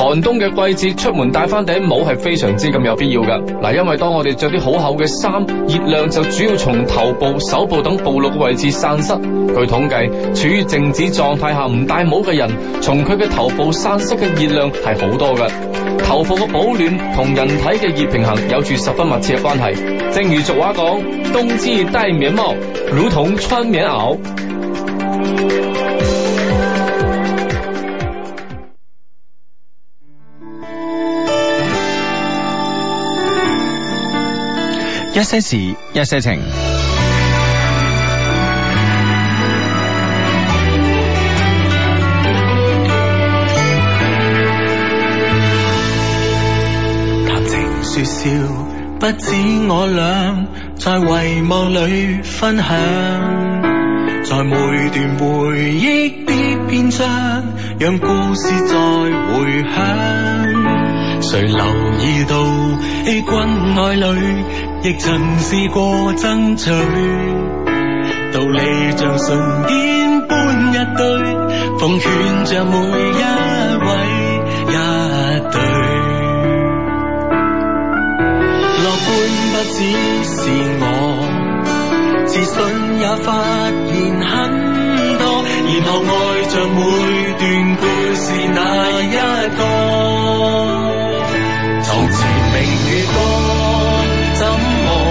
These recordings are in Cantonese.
寒冬嘅季節，出門戴翻頂帽係非常之咁有必要嘅。嗱，因為當我哋着啲好厚嘅衫，熱量就主要從頭部、手部等暴露嘅位置散失。據統計，處於靜止狀態下唔戴帽嘅人，從佢嘅頭部散失嘅熱量係好多嘅。頭部嘅保暖同人體嘅熱平衡有住十分密切嘅關係。正如俗話講，冬至戴棉帽，如同春棉襖。一些事，一些情。談情説笑，不止我倆，在遺忘裏分享，在每段回憶的篇章，讓故事再回響。誰留意到軍愛侶？亦曾試過爭取，道理像純鍵般一堆，奉勸着每一位一對。樂觀不只是我，自信也發現很多，然後愛着每段故事那一個。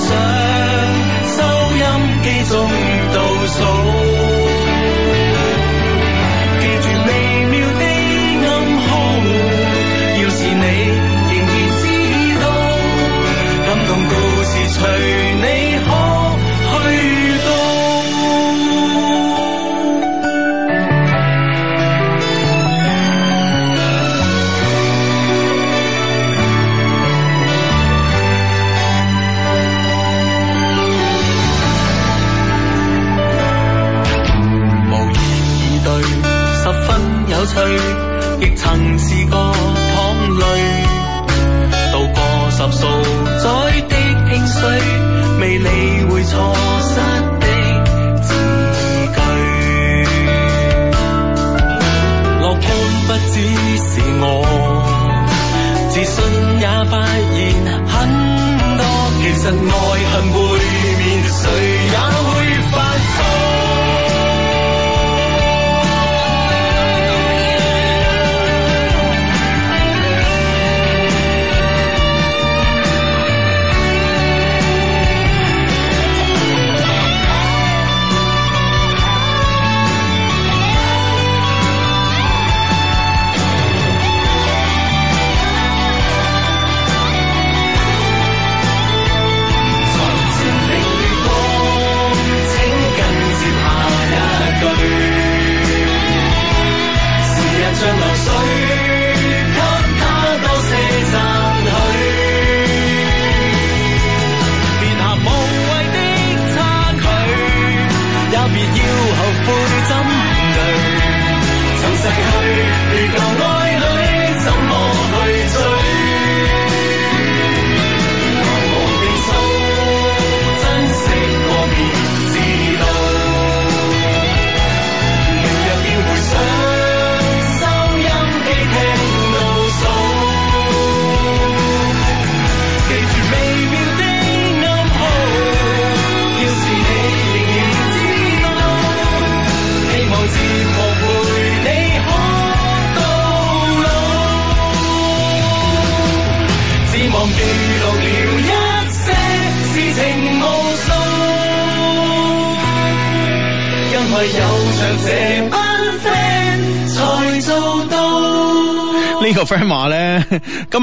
上收音機中倒數，記住微妙的暗號，要是你仍然知道，感動故事隨你可去。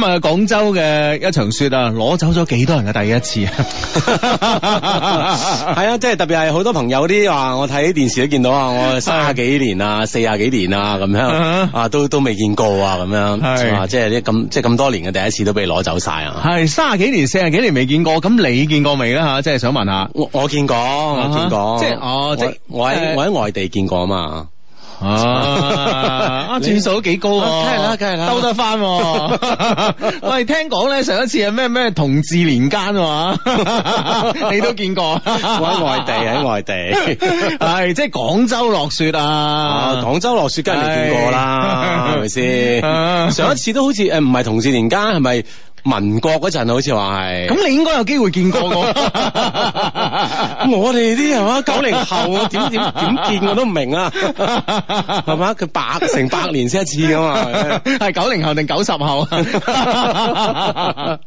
誒，廣州嘅一場雪啊，攞走咗幾多人嘅第一次啊！係啊，即係特別係好多朋友啲話，我睇電視都見到啊，我卅幾年啊，四十幾年啊，咁樣啊，都都未見過啊，咁樣即係啲咁即係咁多年嘅第一次都俾攞走晒啊！係卅幾年、四十幾年未見過，咁你見過未咧吓？即係想問下，我我見過，我見過，即係我即我喺我喺外地見過嘛？啊， 啊轉數都幾高啊，梗係啦，梗係啦，兜得翻、啊。 喂，聽講咧，上一次係咩咩同治年間啊， 你都見過。 我喺外地，喺 外地，係即係廣州落雪啊，啊！廣州落雪梗係是見過啦，係咪先？ 上一次都好似誒，唔係同治年間，係咪？民國嗰陣好似話係，咁你應該有機會見過 我見。我哋啲係嘛九零後，點點點見我都唔明啊，係嘛？佢百成百年先一次噶嘛，係九零後定九十後啊？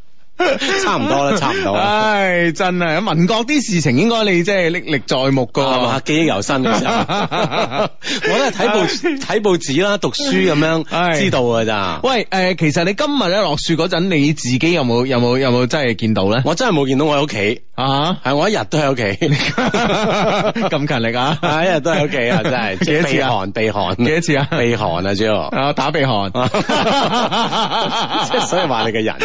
差唔多啦，差唔多啦。唉，真係，民國啲事情，應該你即係歷歷在目噶，係嘛？記憶猶新嘅時候，我都係睇報睇報紙啦，讀書咁樣知道噶咋。喂，誒，其實你今日咧落雪嗰陣，你自己有冇有冇有冇真係見到咧？我真係冇見到，我喺屋企啊！係我一日都喺屋企，咁勤力啊！一日都喺屋企啊！真係，避寒避寒，幾次啊？避寒啊？啫，啊，打避寒。即係所以話你嘅人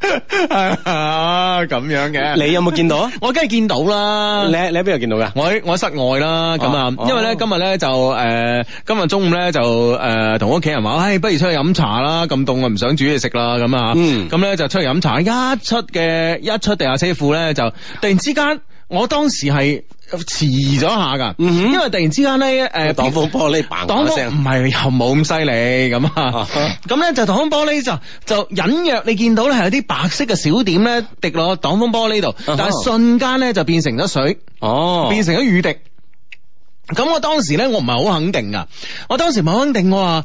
係啊，咁 樣嘅子，你有冇見到？ 我梗係見到啦你。你你喺邊度見到㗎？我我喺室外啦。咁啊、哦，因為咧、哦、今日咧就誒、呃，今日中午咧就誒，同屋企人話，唉、哎，不如出去飲茶啦。咁凍啊，唔想煮嘢食啦。咁啊，咁咧、嗯、就出去飲茶。一出嘅一,一出地下車庫咧，就突然之間，我當時係。遲咗下噶，嗯、哼因為突然之間咧，誒、呃，擋風玻璃嘭一聲，唔係又冇咁犀利咁啊哈，咁咧就擋風玻璃就就隱約你見到咧係有啲白色嘅小點咧滴落擋風玻璃度，啊、哈但係瞬間咧就變成咗水，哦，變成咗雨滴。咁我當時咧我唔係好肯定噶，我當時冇肯定我話，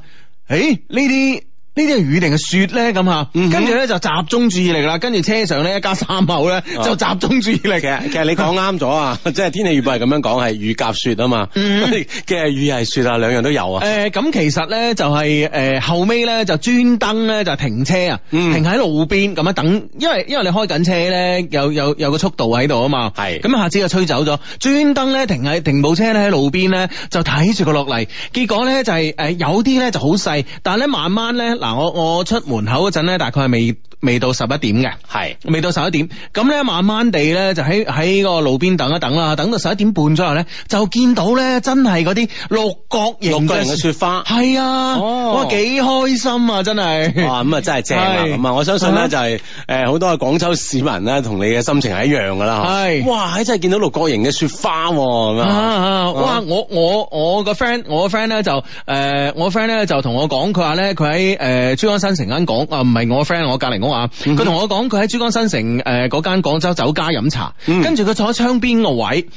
誒呢啲。呢啲係雨定係雪咧？咁啊，跟住咧就集中注意力啦。跟住車上呢，一家三口咧就集中注意力。嘅、哦。其實你講啱咗啊，嗯、即係天氣預報係咁樣講，係雨夾雪啊嘛，跟既係雨又係雪啊，兩樣都有啊。誒、呃，咁其實咧就係、是、誒、呃、後尾咧就專登咧就是、停車啊，嗯、停喺路邊咁啊等，因為因為你開緊車咧有有有，有個速度喺度啊嘛，係咁是下次就吹走咗，專登咧停喺停部車咧喺路邊咧就睇住佢落嚟，結果咧就係、是、誒有啲咧就好細，但係咧慢慢咧嗱。我、啊、我出門口嗰陣咧，大概係未未到十一點嘅，係是未到十一點咁咧，慢慢地咧就喺喺個路邊等一等啦，等到十一點半左右咧，就見到咧真係嗰啲六角形嘅雪花，係啊哇，哇，幾開心啊，真係、哦、哇，咁、嗯、啊真係正啊，咁啊是，我相信咧就係誒好多嘅廣州市民咧，同你嘅心情係一樣噶啦，係是哇，真係見到六角形嘅雪花咁啊，哇，我我我個 friend，我個 friend 咧就誒，我 friend 咧就同、呃、我講，佢話咧佢喺誒。誒，珠、呃、江新城間講啊，唔係我 friend，我隔籬屋啊，佢同我講，佢喺珠江新城誒嗰、呃、間廣州酒家飲茶，嗯、跟住佢坐喺窗邊個位。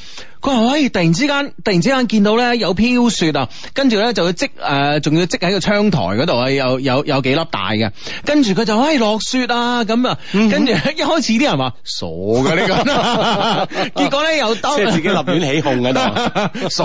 佢話：哎，突然之間，突然之間見到咧有飄雪啊，跟住咧就積誒，仲、呃、要積喺個窗台嗰度啊，有有有幾粒大嘅。跟住佢就：哎，落雪啊！咁啊，嗯、哼跟住一開始啲人話：傻噶呢個。 結果咧又即係自己立亂起哄嗰度， 傻！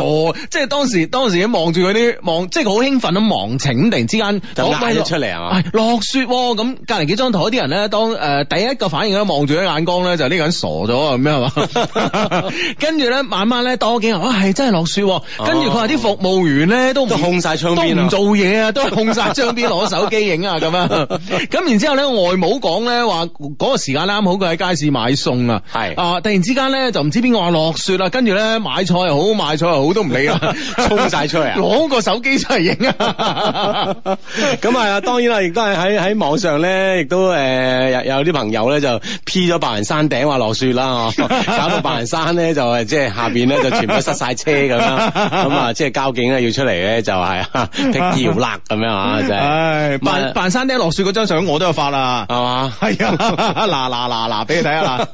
即係當時當時望住嗰啲望，即係好興奮啊，忘情突然之間就拉咗出嚟啊嘛，落雪喎！咁隔離幾張台啲人咧，當誒第一個反應咧望住啲眼光咧就呢、係、個人傻咗咁樣係嘛？ 跟住咧晚啊咧，多幾日啊，係、哎、真係落雪。跟住佢話啲服務員咧都都控曬窗邊都唔做嘢啊，都控晒窗邊攞手機影啊咁樣。咁 然之後咧，外母講咧話嗰個時間啱好佢喺街市買餸是啊，突然之間咧就唔知邊個話落雪啦，跟住咧買菜又好，買菜又好都唔理啦， 衝晒出嚟攞個手機出嚟影啊。咁啊，當然啦，亦都係喺喺網上咧，亦都誒、呃、有啲朋友咧就 P 咗白雲山頂話落雪啦、啊，搞到白雲山咧就係即係下 面咧就全部塞晒車咁樣，咁、嗯、啊即係交警咧要出嚟咧就係闢謠啦咁樣吧啊！就係、 啊。唉、啊，白、啊啊、 白山呢落雪嗰張相我都有發啦，係嘛？係啊，嗱嗱嗱嗱，俾你睇下啦，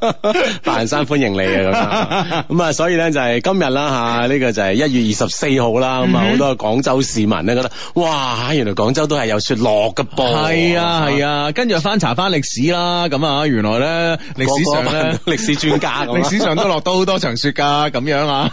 白雲山歡迎你啊！咁啊，所以咧就係、是、今日啦吓，呢、啊這個就係一月二十四號啦，咁啊好多廣州市民咧覺得哇，原來廣州都係有雪落嘅噃。係、嗯、啊係山啊，跟住又翻查翻歷史啦，咁啊原來咧歷史上咧歷史專家， 歷史上都落到好多場雪㗎，咁、啊、樣。啊啊！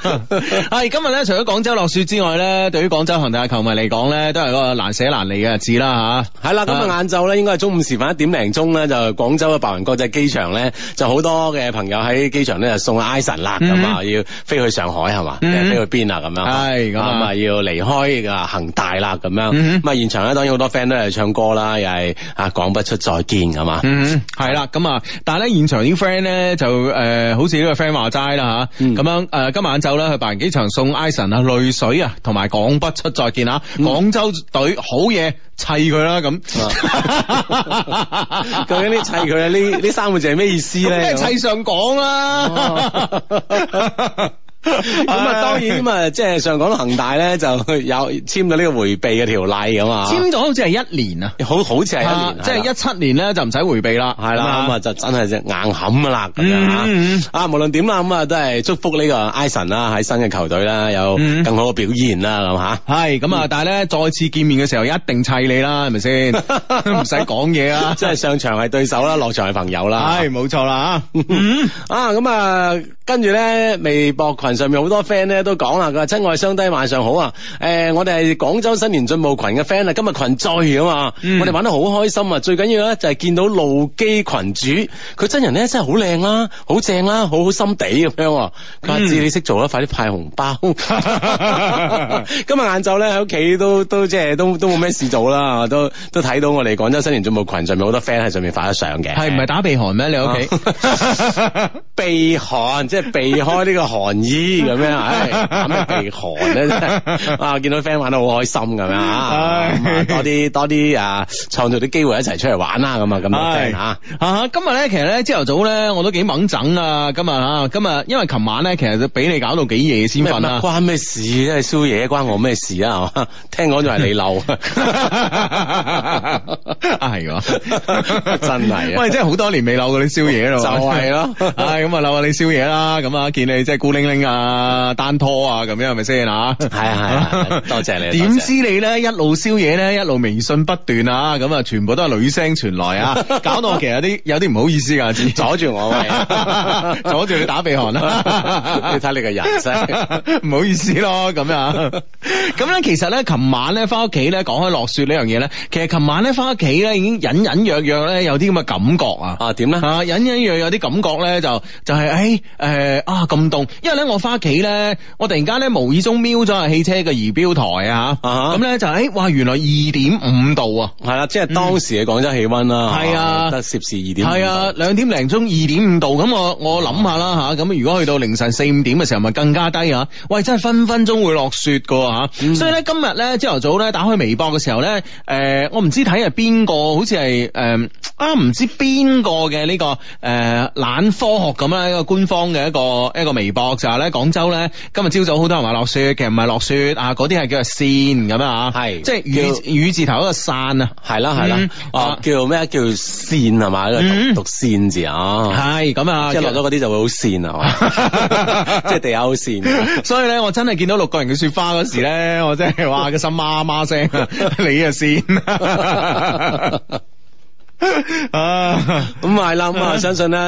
係今日咧，除咗廣州落雪之外咧，對於廣州恒大球迷嚟講咧，都係個難捨難離嘅日子啦嚇。係啦，咁、嗯嗯、啊，晏晝咧，應該中午時分一點零鐘咧，就廣州嘅白雲國際機場咧，就好多嘅朋友喺機場咧就送埃神啦，咁啊要飛去上海係嘛？飛去邊啊？咁樣係咁啊，啊要離開啊恒大啦，咁樣咁啊，現場咧當然好多 friend 都係唱歌啦，又係啊講不出再見咁嘛、就是啊啊啊今呃？嗯，係啦，咁啊，但係咧現場啲 friend 咧就誒，好似呢個 friend 話齋啦嚇，咁樣誒。今晚晏晝咧去白雲機場送 i s e 啊，淚水啊，同埋講不出再見、嗯、啊！廣州隊好嘢，砌佢啦咁。究竟呢砌佢啊，呢呢三個字係咩意思咧？砌上講啦。咁啊，當然咁啊，即係上港恒大咧就有簽咗呢個回避嘅條例咁啊嘛，簽咗好似係一年啊，好好似係一年，即係一七年咧就唔使回避啦，係啦，咁啊就真係只硬冚噶啦咁樣吓，啊無論點啦，咁啊都係祝福呢個埃神啦喺新嘅球隊啦有更好嘅表現啦咁吓，係咁啊，但係咧再次見面嘅時候一定砌你啦，係咪先？唔使講嘢啦，即係上場係對手啦，落場係朋友啦，係冇錯啦吓，啊咁啊跟住咧微博群。上面好多 friend 咧都講啦，佢話，親愛相低晚上好啊，誒、欸、我哋係廣州新年進步群嘅 friend 啊，今日群聚啊嘛，嗯、我哋玩得好開心啊，最緊要咧就係見到路基群主，佢真人咧真係好靚啦，好正啦，好好心地咁樣，佢話，知你識做啦，快啲派紅包。 今日晏晝咧喺屋企都都即係都都冇咩事做啦，都都睇到我哋廣州新年進步群上面好多 friend 喺上面發得相嘅，係唔係打鼻鼾咩？你屋企避寒即係避開呢個寒意。咦，咁樣，唉，咁又幾寒咧 啊！見到 friend 玩得好開心咁樣啊，多啲多啲啊，創造啲機會一齊出嚟玩啦，咁啊咁啊，吓今日咧，其實咧，朝頭早咧我都幾掹整啊！今日啊今日，因為琴晚咧其實俾你搞到幾夜先瞓啊。關咩事？即係宵夜關我咩事啊？係嘛？聽講就係你漏，係噶真係喂，真係好多年未漏過你宵夜咯，就係咯，唉咁啊漏下你宵夜啦，咁 了 啊、嗯、你見你即係、就是、孤零零啊！啊，單拖啊，咁樣係咪先啊？係啊，係啊，多謝你。點知你咧一路宵夜咧，一路微信不斷啊，咁啊，全部都係女聲傳來啊，搞到我其實有啲有啲唔好意思噶，阻住我啊，阻住你打鼻鼾啦，你睇你嘅人質，唔好意思咯，咁樣。咁咧，其實咧，琴晚咧翻屋企咧，講開落雪呢樣嘢咧，其實琴晚咧翻屋企咧，已經隱隱約約咧有啲咁嘅感覺啊，啊，點咧？啊，隱隱約約有啲感覺咧，就就係誒誒啊咁凍，因為咧我。翻屋企咧，我突然間咧無意中瞄咗下汽車嘅儀表台啊，咁咧就誒，哇、huh. 嗯，原來二點五度啊，係啦，即係當時嘅廣州氣溫啦，係啊，得攝氏二點，係啊，兩點零鐘二點五度，咁我我諗下啦吓，咁如果去到凌晨四五點嘅時候，咪更加低啊，喂、uh，真係分分鐘會落雪噶吓，所以咧今日咧朝頭早咧打開微博嘅時候咧，誒， euh, 我唔知睇係邊個，好似係誒啊唔知邊個嘅呢個誒懶科學咁樣一個官方嘅一個一個微博就係咧。廣州咧今日朝早好多人話落雪，其實唔係落雪啊，嗰啲係叫做霰咁樣啊，係是即係雨，叫雨字頭一個山」，啊，係啦係啦，啊叫咩叫霰係嘛，讀霰字啊，係咁啊，即係落咗嗰啲就會好霰啊， 即係地下好霰。 所以咧，我真係見到六個人嘅雪花嗰時咧， 我真係話，個心媽媽聲你啊霰。 啊咁係啦，咁啊相信咧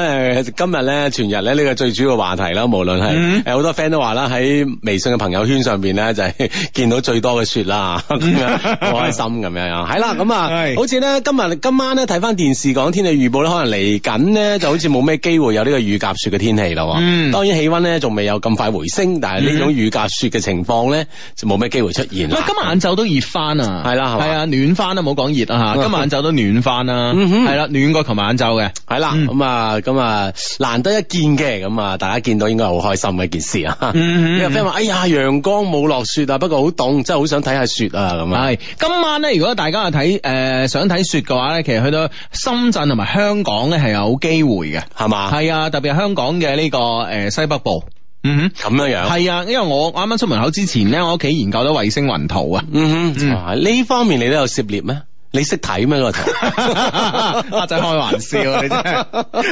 誒，今日咧全日咧呢個最主要話題啦，無論係誒好多 friend 都話啦，喺微信嘅朋友圈上邊咧就係見到最多嘅雪啦，咁樣開心咁樣樣係啦，咁啊，好似咧今日今晚咧睇翻電視講天氣預報咧，可能嚟緊呢，就好似冇咩機會有呢個雨夾雪嘅天氣咯。嗯，當然氣温咧仲未有咁快回升，但係呢種雨夾雪嘅情況咧就冇咩機會出現。今日晏晝都熱翻啊，係啦，係啊，暖翻啊，冇講熱啊吓，今日晏晝都暖翻啦。係啦，暖、嗯、過琴晚晝嘅，係啦、嗯，咁啊，咁啊，難得一見嘅，咁啊，大家見到應該好開心嘅一件事啊。啲阿飛話：哎呀，陽光冇落雪啊，不過好凍，真係好想睇下雪啊咁啊。係今晚咧，如果大家啊睇誒想睇、呃、雪嘅話咧，其實去到深圳同埋香港咧係有機會嘅，係嘛吧？係啊，特別係香港嘅呢、這個誒、呃、西北部。嗯哼，咁樣樣。係啊，因為我啱啱出門口之前咧，我屋企研究咗衛星雲圖啊。嗯哼，呢、嗯啊、方面你都有涉獵咩？你識睇咩嗰個？阿仔、 啊、開玩笑，你真係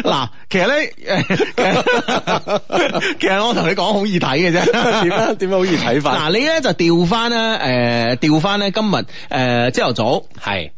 嗱、啊，其實咧，誒，其實我同你講，好易睇嘅啫，點樣？點樣好易睇法？嗱、啊，你咧就調翻咧，誒、呃，調翻咧，今日誒朝頭早係。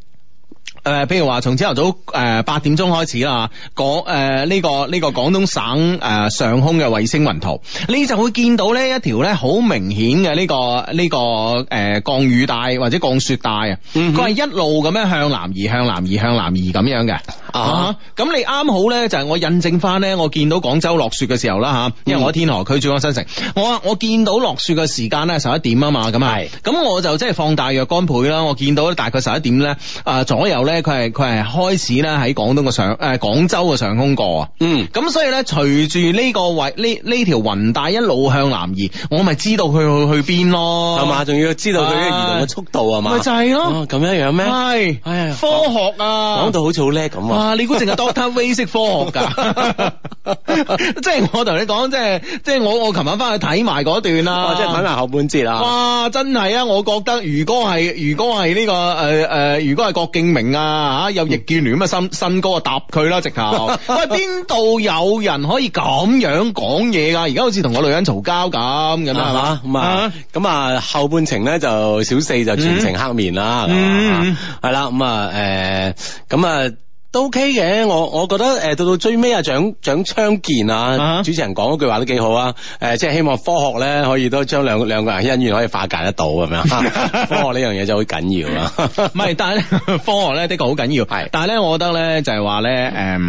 誒，譬、呃、如話從朝頭早誒八點鐘開始啦，講誒呢個呢、這個廣、這個、東省誒、呃、上空嘅衛星雲圖，你就會見到咧一條咧好明顯嘅呢、這個呢、這個誒、呃、降雨帶或者降雪帶啊，佢係、嗯、哼一路咁樣向南移向南移向南移咁樣嘅啊。咁、嗯、哼你啱好咧就係、是、我印證翻咧，我見到廣州落雪嘅時候啦吓，因為我喺天河區珠江新城，我我見到落雪嘅時間咧十一點啊嘛，咁啊係，咁我就即係放大若干倍啦，我見到咧大概十一點咧誒左右咧。咧佢係佢係開始咧喺廣東嘅上誒廣州嘅上空過啊，嗯，咁所以咧隨住呢個位呢呢條雲帶一路向南移，我咪知道佢去去邊咯，係嘛？仲要知道佢嘅移動嘅速度係嘛？咪、啊、嗎就係咯，咁、哦、樣樣咩？係係是、哎、呀科學啊，講到好似好叻咁啊！你估淨係 Doctor w a 識科學噶？ 即係我同你講，即係即係我我琴晚翻去睇埋嗰段啦，即係睇埋後半節啦。哇、啊，真係啊！我覺得如果係如果係呢個誒誒，如果係、這個 uh, uh, 郭敬明啊吓有易建聯咁嘅新新歌啊，答佢啦，直頭。喂，邊度有人可以咁樣講嘢噶？而家好似同個女人嘈交咁，咁樣係嘛？咁、嗯、啊咁啊，後半程咧就小四就全程黑面啦。嗯，係啦，咁啊誒，咁啊。都 OK 嘅，我我覺得誒、呃，到到最尾啊，蔣蔣昌建啊，uh huh. 主持人講嗰句話都幾好啊，誒、呃，即係希望科學咧可以都將兩兩個人恩怨可以化解得到咁樣，科學呢樣嘢就好緊要啦。唔係，但係科學咧的確好緊要，係， 但係咧我覺得咧就係話咧，誒、呃，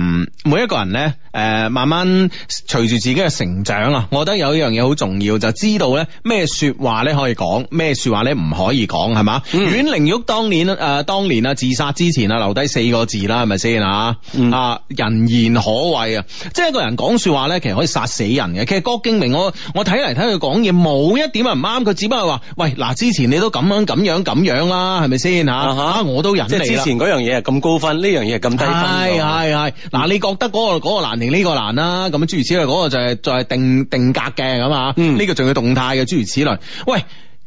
每一個人咧，誒，慢慢隨住自己嘅成長啊，我覺得有一樣嘢好重要，就是、知道咧咩說話咧可以講，咩說話咧唔可以講，係嘛？阮玲玉當年誒，當年啊自殺之前啊留低四個字啦，係咪先？啊，啊、嗯，人言可畏啊，即係一個人講說話咧，其實可以殺死人嘅。其實郭敬明我，我我睇嚟睇去講嘢冇一點唔啱，佢只不過話，喂嗱，之前你都咁樣咁樣咁樣啦、啊，係咪先吓吓？我都忍。即係之前嗰樣嘢係咁高分，呢樣嘢係咁低分。係係係嗱，嗯、你覺得嗰、嗰個嗰、嗰個難定呢個難啦、啊？咁諸如此類，嗰個就係、係、就係、係、定定格嘅咁啊。呢、嗯、個仲要動態嘅，諸如此類。喂。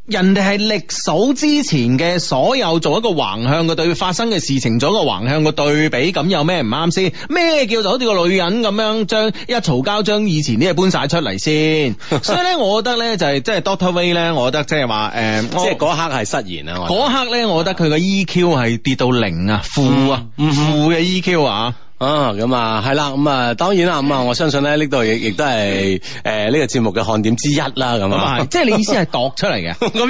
人哋係歷數之前嘅所有，做一個橫向嘅對發生嘅事情做一個橫向嘅對比，咁有咩唔啱先？咩叫做好似個女人咁樣將一嘈交，將以前啲嘢搬晒出嚟先？ 所以咧、就是嗯， 我覺得咧就係即係 Doctor Ray 咧， 我覺得即係話誒，即係嗰刻係失言啊！嗰刻咧，我覺得佢個 EQ 係跌到零啊，負啊，負嘅 EQ 啊！啊，咁啊、yeah, well, well, so，係啦，咁人啊些，當然啦，咁、no、啊、cool ac cent ral uh，我相信咧，呢度亦亦都係誒呢個節目嘅看點之一啦，咁啊，即係你意思係度出嚟嘅，咁又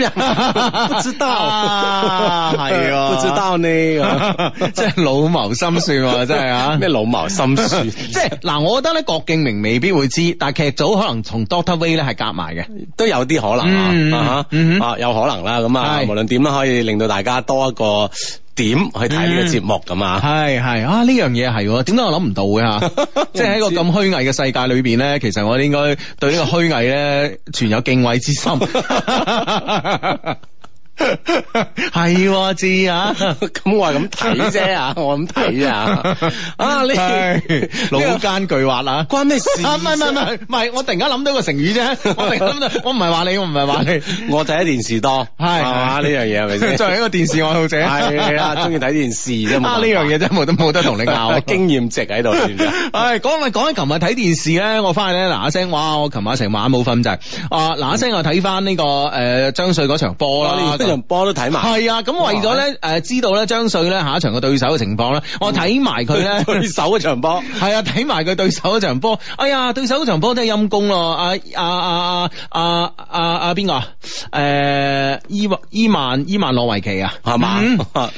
唔知道，係，唔知道你，即係老謀深算喎，真係啊，咩老謀深算，即係嗱，我覺得咧郭敬明未必會知，但係劇組可能同 Doctor Way 咧係夾埋嘅，都有啲可能啊，有可能啦，咁啊，無論點咧，可以令到大家多一個。點去睇呢個節目咁、嗯、啊？係係啊，呢樣嘢係，點解 我諗唔到嘅吓，即係喺個咁虛偽嘅世界裏邊咧，其實我哋應該對呢個虛偽咧，存有敬畏之心。 係字啊！咁我係咁睇啫啊！我咁睇啊！啊呢老奸巨猾啊，關咩事啊？唔係唔係唔係，我突然間諗到個成語啫！我諗到，我唔係話你，我唔係話你，我第一電視多係嘛？呢樣嘢係咪先？作為一個電視愛好者，係啊，中意睇電視啫嘛？呢樣嘢真係冇得冇得同你拗，經驗值喺度算唉，講咪講緊琴日睇電視咧，我翻去咧嗱一聲，哇！我琴晚成晚冇瞓就啊嗱一聲，我睇翻呢個誒張帥嗰場波啦。場波都睇埋，係啊！咁為咗咧，誒，知道咧張帥咧下一場嘅對手嘅情況咧，嗯、我睇埋佢咧，對手嗰場波，係啊，睇埋佢對手嗰場波。哎呀，對手嗰場波都係陰功咯！啊，啊，啊，阿阿阿邊個啊？誒、啊，伊伊萬伊萬諾維奇啊，係嘛是吧？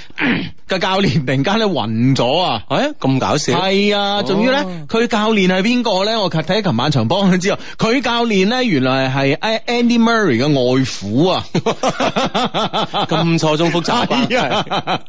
個、 嗯、教練突然間咧暈咗啊！哎、欸，咁搞笑！係啊，仲要咧，佢、哦、教練係邊個咧？我睇琴晚場波知道，佢教練咧原來係 Andy Murray 嘅外父啊！ 咁錯綜複雜。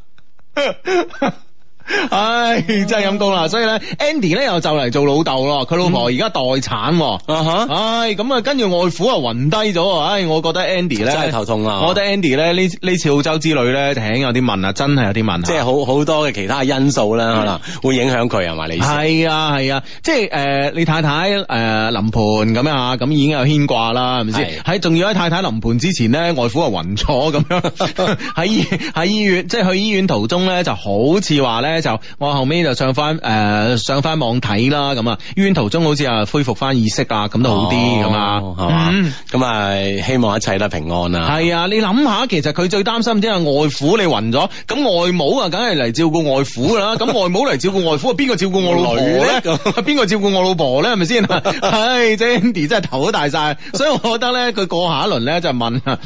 唉，真係陰功啦！所以咧，Andy 咧又就嚟做老豆咯。佢老婆而家待產，啊、嗯、唉，咁啊，跟住外父啊暈低咗。唉，我覺得 Andy 咧真係頭痛啊！我覺得 Andy 咧呢呢次澳洲之旅咧，挺有啲問啊，真係有啲問，即係好好多嘅其他因素咧，嗯、可能會影響佢係咪？你係啊係啊,啊，即係誒、呃，你太太誒臨盤咁樣啊，咁已經有牽掛啦，係咪先？喺仲要喺太太臨盤之前咧，外父啊暈咗咁樣喺喺 醫,醫院，即係去醫院途中咧，就好似話咧。就我後尾就上翻誒、呃、上翻網睇啦、like 哦，咁啊，醫院途中好似啊恢復翻意識啊，咁都好啲咁啊，係嘛，咁啊希望一切啦平安啦。係啊，你諗下，其實佢最擔心即係外父你暈咗，咁外母啊，梗係嚟照顧外父噶啦，咁外母嚟照顧外父，邊個照顧我，我，我老婆咧？邊個照顧我老婆咧？係咪先？唉，Andy 真係頭都大晒，所以我覺得咧，佢過下一輪咧就問啦，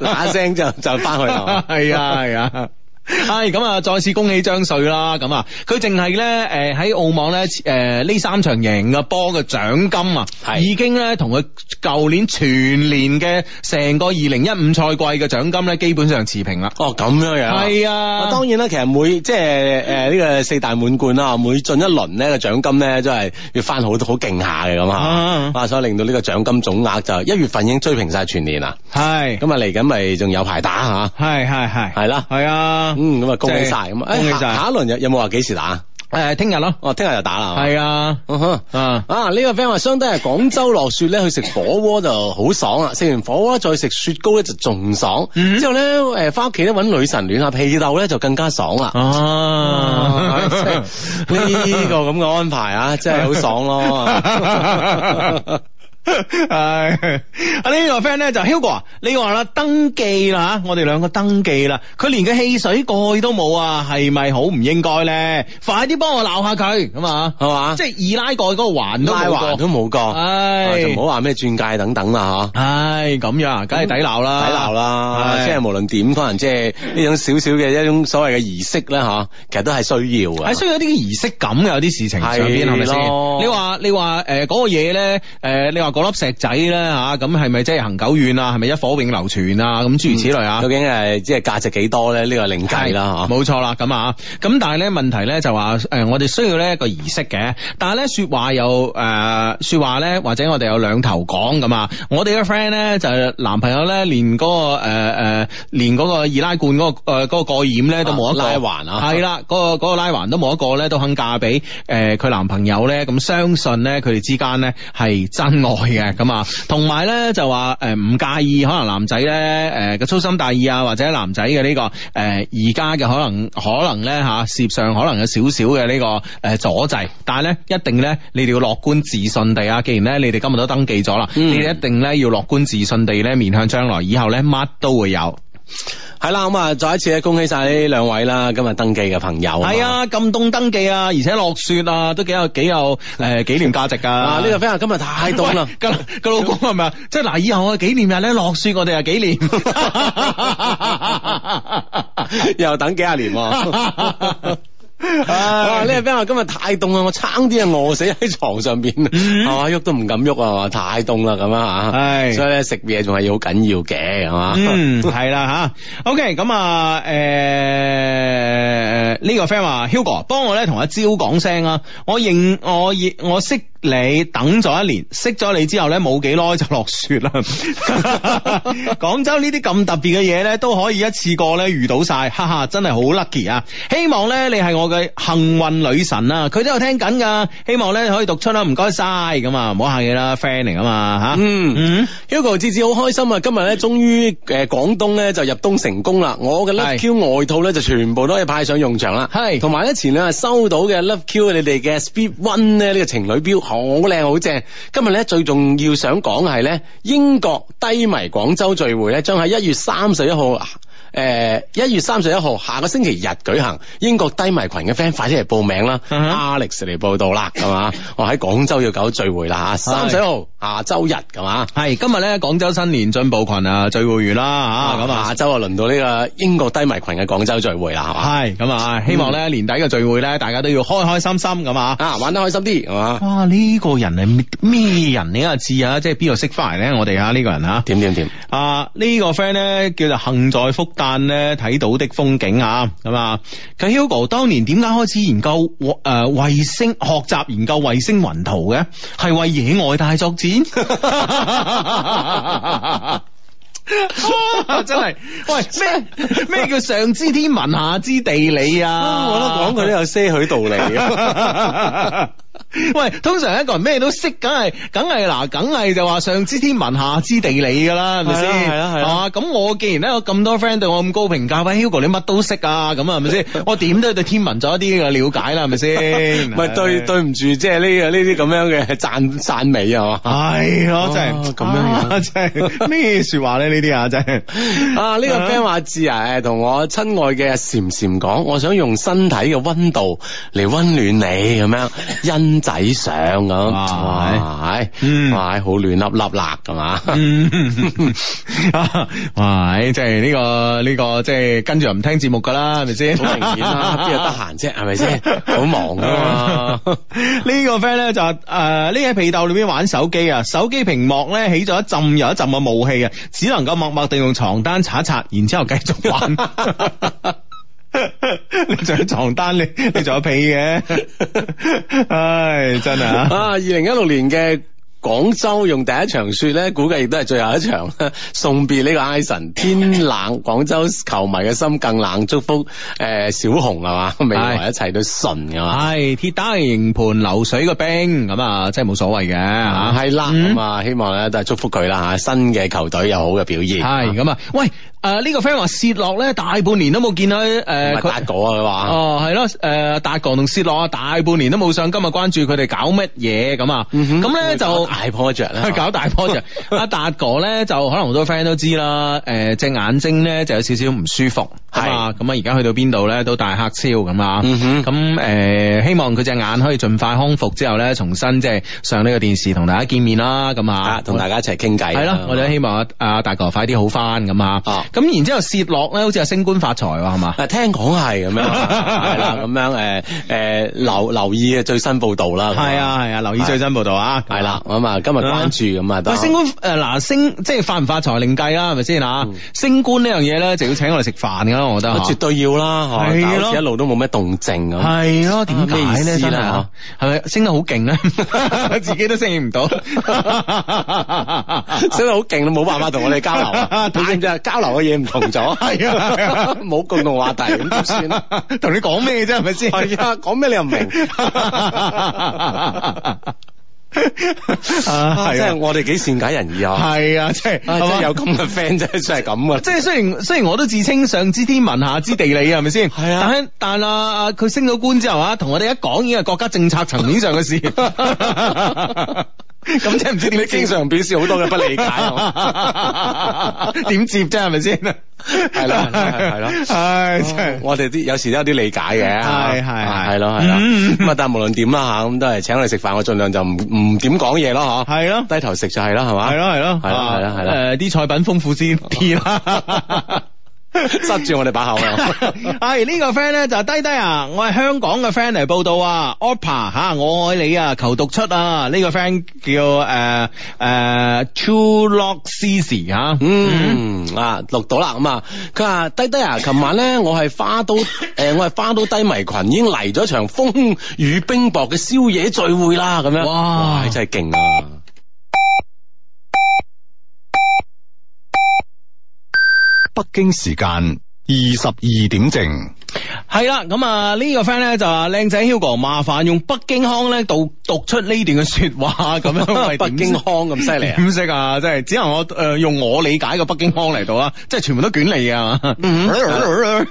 嗱聲就就翻去係啊係啊。係咁啊！再次恭喜張帥啦！咁啊，佢淨係咧，誒喺澳網咧，誒呢三場贏嘅波嘅獎金啊，係已經咧同佢舊年全年嘅成個二零一五賽季嘅獎金咧，基本上持平啦。哦，咁樣樣。係啊，當然啦，其實每即係誒呢個四大滿貫啊，啊，啊，每進一輪呢個獎金咧，真係要翻好多好勁下嘅咁吓。啊，所以令到呢個獎金總額就一月份已經追平晒全年啦。係咁是啊，嚟緊咪仲有排打吓。係系系，係啦，係啊。嗯，咁啊，恭喜晒，恭喜晒。下一輪有有冇話幾時打？誒，聽日咯，哦，聽日就打啦。係啊，啊，呢個 friend 話，相對係廣州落雪咧，去食火鍋就好爽啊。食完火鍋再食雪糕咧，就仲爽。之後咧，誒，返屋企咧，搵女神暖下被竇咧，就更加爽啦。哦，呢個咁嘅安排啊，真係好爽咯。係啊，呢個 friend 咧就 Hugo 啊，你話啦，登記啦，我哋兩個登記啦，佢連個汽水蓋都冇啊，係咪好唔應該咧？快啲幫我鬧下佢咁啊，係嘛？即係二拉蓋嗰個環都冇過，都冇過，唉，就唔好話咩鑽戒等等啦吓。唉，咁樣梗係抵鬧啦，抵鬧啦，即係無論點可能，即係呢種少少嘅一種所謂嘅儀式咧吓，其實都係需要嘅。係需要啲儀式感嘅，有啲事情上邊係咪先？你話你話誒，個嘢咧誒，你話。嗰粒石仔咧嚇，咁係咪即係恆久遠啊？係咪一火永流傳啊？咁諸如此類啊、嗯？究竟誒，即係價值幾多咧？呢個另計啦嚇。冇錯啦，咁啊，咁但係咧問題咧就話、是、誒、呃，我哋需要呢一個儀式嘅，但係咧說話又誒、呃，說話咧或者我哋有兩頭講咁啊。我哋嘅 friend 咧就係男朋友咧，連嗰、那個誒誒、呃，連個二拉罐嗰、那個誒、呃那個蓋掩咧都冇得拉環啊，係啦、啊，嗰、那個、那個拉環都冇一個咧，都肯嫁俾誒佢男朋友咧，咁相信咧佢哋之間咧係真愛。 係嘅，咁啊，同埋咧就話，誒唔介意，可能男仔咧，誒個粗心大意啊，或者男仔嘅呢個，誒而家嘅可能，可能咧吓、啊，涉上可能有少少嘅呢個誒阻滯，但係咧一定咧，你哋要樂觀自信地啊，既然咧你哋今日都登記咗啦，嗯、你哋一定咧要樂觀自信地咧面向將來，以後咧乜都會有。係啦，咁啊，再一次咧，恭喜晒呢兩位啦，今日登記嘅朋友。係啊，咁凍登記啊，而且落雪 啊，都幾有幾有誒紀念價值噶。呢個 friend 今日太凍啦，個喂老公係咪啊？ 即係嗱，以後嘅紀念日咧落雪，我哋啊紀念，又 等幾廿年啊。 啊！呢個 friend 話今日太凍啦，我差啲啊餓死喺床上邊、嗯、啊，係嘛？喐都唔敢喐啊，係嘛、嗯？太凍啦咁啊，係。所以咧食嘢仲係要好緊要嘅，係嘛？嗯，係啦吓。OK，咁啊，誒、呃這個、呢個 friend 話，Hugo，幫我咧同阿蕉講聲啊，我認我，我認我識。我你等咗一年，識咗你之後咧，冇幾耐就落雪啦。廣州呢啲咁特別嘅嘢咧，都可以一次過咧遇到曬，哈哈，真係好 lucky 啊！希望咧你係我嘅幸運女神啦。佢都有聽緊㗎，希望咧你可以讀出啦，唔該曬。咁啊，唔好客氣啦，friend 嚟啊嘛嚇。嗯嗯，Hugo 志志好開心啊！今日咧終於誒廣東咧就入冬成功啦，我嘅 Love Q 外套咧就全部都係派上用場啦，係。同埋咧前兩日收到嘅 Love Q 你哋嘅 Speed One 咧呢個情侶錶。好靚好正，今日咧最重要想講嘅，係咧，英國低迷廣州聚會咧，將喺一月三十一號。誒，一、呃、月三十一號下個星期日舉行英國低迷群嘅 friend，快啲嚟報名啦、uh huh.！Alex 嚟報道啦，係嘛？ 我喺廣州要搞聚會啦，三十一號下周日，係嘛？係是今日咧，廣州新年進步群啊聚會完啦，吓咁、啊啊、下周啊輪到呢個英國低迷群嘅廣州聚會啦，係嘛？係咁啊，希望咧、嗯、年底嘅聚會咧，大家都要開開心心咁啊，玩得開心啲，係嘛？哇，呢、這個人係咩人，人？你又知啊？即係邊度識翻嚟咧？我哋啊呢個人啊，點點點？啊呢個 friend 咧叫做幸在福。咧睇到的風景啊，咁啊，佢 Hugo 當年點解開始研究誒衛、呃、星，學習研究衛星雲圖嘅，係為野外大作戰， 啊、真係，喂咩咩 叫上知天文下知地理啊？我都講佢都有些許道理。啊。喂，通常一個人咩都識，梗係梗係嗱，梗係就話上知天文下知地理噶啦，係咪先？係啦係嘛，咁我、啊、既然咧有咁多 friend 對我咁高評價，喂 Hugo 你乜都識啊，咁啊係咪先？我點都要對天文做一啲嘅了解啦，係咪先？唔係、 欸、的對對唔住，即係呢個呢啲咁樣嘅讚讚美啊嘛，係咯真係咁樣樣，真係咩說話咧呢啲啊真係啊呢個 friend 話知啊，同、這個、我親愛嘅嬋嬋講，我想用身體嘅溫度嚟溫暖你咁樣，因。 公仔相咁，哇，係、嗯，係好亂粒粒，辣係嘛，哇，即係呢、這個呢、這個即係跟住又唔聽節目噶啦，係咪先？好明顯，邊日得閒啫，係咪先？好忙㗎！呢、這個 friend 咧就誒，呢喺被竇裏邊玩手機啊，手機屏幕咧起咗一浸又一浸嘅霧氣啊，只能夠默默地用床單擦一擦，然之後繼續玩。 你仲有床單，你你仲有被嘅， 唉，真係啊！二零一六年嘅廣州用第一場雪咧，估計亦都係最後一場送別呢個埃神。天冷，廣州球迷嘅心更冷，祝福誒、呃、小熊啊嘛，未來一切都順啊。嘛。係鐵打嘅營盤，流水嘅兵，咁啊，真係冇所謂嘅。係啦，咁啊、嗯，希望咧都係祝福佢啦吓，新嘅球隊有好嘅表現。係咁啊，喂。誒，啊這個、呢個 friend 話泄落咧大半年都冇見到誒、呃哦呃，達哥佢話哦係咯，誒達哥同泄落大半年都冇上今日關注佢哋搞乜嘢咁啊，咁咧就大 project 啦，搞大 project。阿達哥咧就可能好多 friend 都知啦，誒、呃、隻眼睛咧就有少少唔舒服。係嘛，咁啊，而家去到邊度咧，都戴黑超咁啊，咁誒，希望佢隻眼可以盡快康復之後咧，重新即係上呢個電視同大家見面啦，咁啊，同大家一齊傾偈，係咯，我都希望阿阿大哥快啲好翻咁啊，咁然之後薛落咧，好似係升官發財喎，係嘛？誒，聽講係咁樣，係啦，咁樣誒誒，留留意最新報導啦，係啊係啊，留意最新報導啊，係啦，咁啊，今日關注咁啊都。升官誒嗱升，即係發唔發財另計啦，係咪先啊？升官呢樣嘢咧，就要請我嚟食飯噶。我覺得，絕對要啦。係咯的，哦、一路都冇咩動靜咁。係咯，點解咧？真係係咪升得好勁咧？ 自己都升唔到，升得好勁都冇辦法同我哋交流啊！ 知唔 交流嘅嘢唔同咗，係啊，冇共同話題咁點算啊？同 你講咩啫？係咪先？係啊，講咩你又唔明？ 啊，我哋幾善解人意啊！係 啊，即係即係有咁嘅 friend，即係即係咁嘅。即係雖然雖然我都自稱上知天文下知地理 啊，係咪先？係啊，但阿佢升到官之後啊，同我哋一講已經係國家政策層面上嘅事。 咁真係唔知點解，經常表示好多嘅不理解，點 接啫係咪先？係啦係啦係啦！唉、 啊，我哋啲有時都有啲理解嘅，係係係咯係啦。咁啊， 但係無論點啦嚇，咁都係請我哋食飯，我盡量就唔唔點講嘢咯，嚇係咯， 啦低頭食就係、是、 啦，係嘛？係咯係咯係啦係啦。誒，啲菜品豐富先啲啦。 啊 啊啊啊塞住我哋把口啊，係呢個 friend 咧就係，低低啊，我係香港嘅 friend 嚟報道啊 Opa 吓、啊，我愛你啊，求讀出啊，呢、這個 friend 叫誒誒 two Lock C C 吓，嗯啊錄到啦咁啊，佢話低低啊，琴晚咧我係花都誒、 呃，我係花都低迷群已經嚟咗場風雨冰雹嘅宵夜聚會啦，咁樣哇，哇，真係勁啊！北京時間二十二點正。係啦，咁啊呢個 friend 咧就話靚仔 Hugo 麻煩用北京腔咧讀讀出呢段嘅說話咁樣， 北京腔咁犀利，唔識啊，即係、啊、只能我誒、呃、用我理解嘅北京腔嚟到啊，即係全部都捲嚟 吧、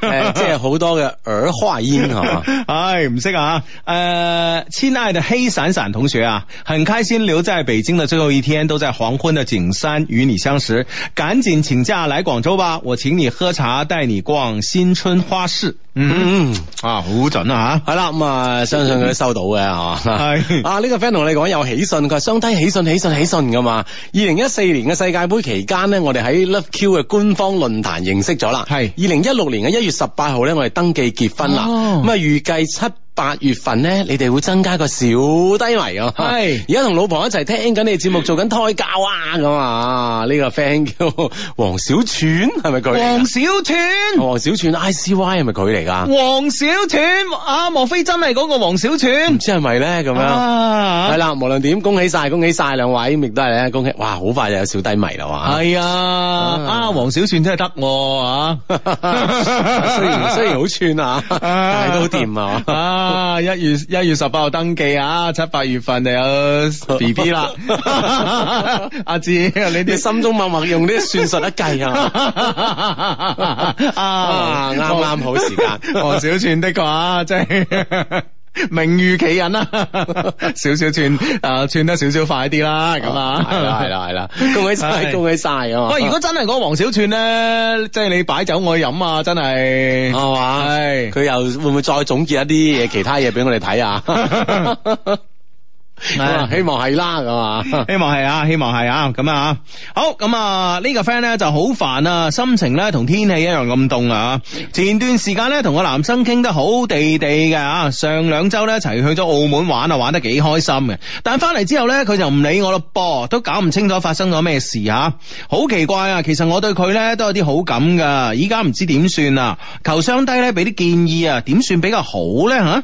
哎、啊。即係好多嘅耳花煙嘛？係唔識啊，誒，親愛的黑散散同學啊，很開心留在北京嘅最後一天，都在黃昏嘅景山與你相識，趕緊請假嚟廣州吧，我請你喝茶，帶你逛新春花市。嗯、mm hmm. 啊，好準啊吓，係啦咁啊，相信佢都收到嘅，吓，係啊，呢個 friend 同你講有喜訊，佢話相睇喜訊，喜訊，喜訊噶嘛。二零一四年嘅世界杯期間咧，我哋喺 Love Q 嘅官方論壇認識咗啦。係二零一六年嘅一月十八號咧，我哋登記結婚啦。咁 啊，預計七。八月份咧，你哋會增加個小低迷啊。係，而家同老婆一齊聽緊你哋節目，做緊胎教啊咁啊。呢個 friend 叫黃小串，係咪佢？黃小串，黃小串 ICY 係咪佢嚟噶？黃小串啊，莫非真係嗰個黃小串？唔知係咪咧咁樣。係啦，無論點，恭喜晒，恭喜晒兩位，亦都係咧，恭喜。哇，好快就有小低迷啦，哇！係啊，啊，黃小串真係得我啊，雖然雖然好串啊，但係都掂啊。啊！一月一月十八號登記啊，七八月份就有 B B 啦。阿志，你哋心中默默用啲算術一計啊，啊，啱啱好時間。黃、啊、小全的確真係、啊。名如其人啦，少 少串，啊、呃，串得少少快啲啦，咁啊，係啦， 係啦，係啦，恭喜晒，恭喜晒啊！喂 如果真係嗰黃小串咧，即、就、係、是、你擺酒我去飲啊，真係係嘛？佢、 哦哎、又會唔會再總結一啲嘢，其他嘢俾我哋睇啊？ 希望係啦，咁啊，希望係啊，希望係啊，咁啊，好，咁啊，這個，呢個 friend 呢就好煩啊，心情呢同天氣一樣咁凍啊，前段時間呢，同個男生傾得好地地嘅啊，上兩周呢，一齊去咗澳門玩啊，玩得幾開心嘅，但係翻嚟之後呢，佢就唔理我咯，噃都搞唔清楚發生咗咩事啊，好奇怪啊，其實我對佢呢都有啲好感噶，依家唔知點算啊，求相低呢，俾啲建議啊，點算比較好呢？吓，啊？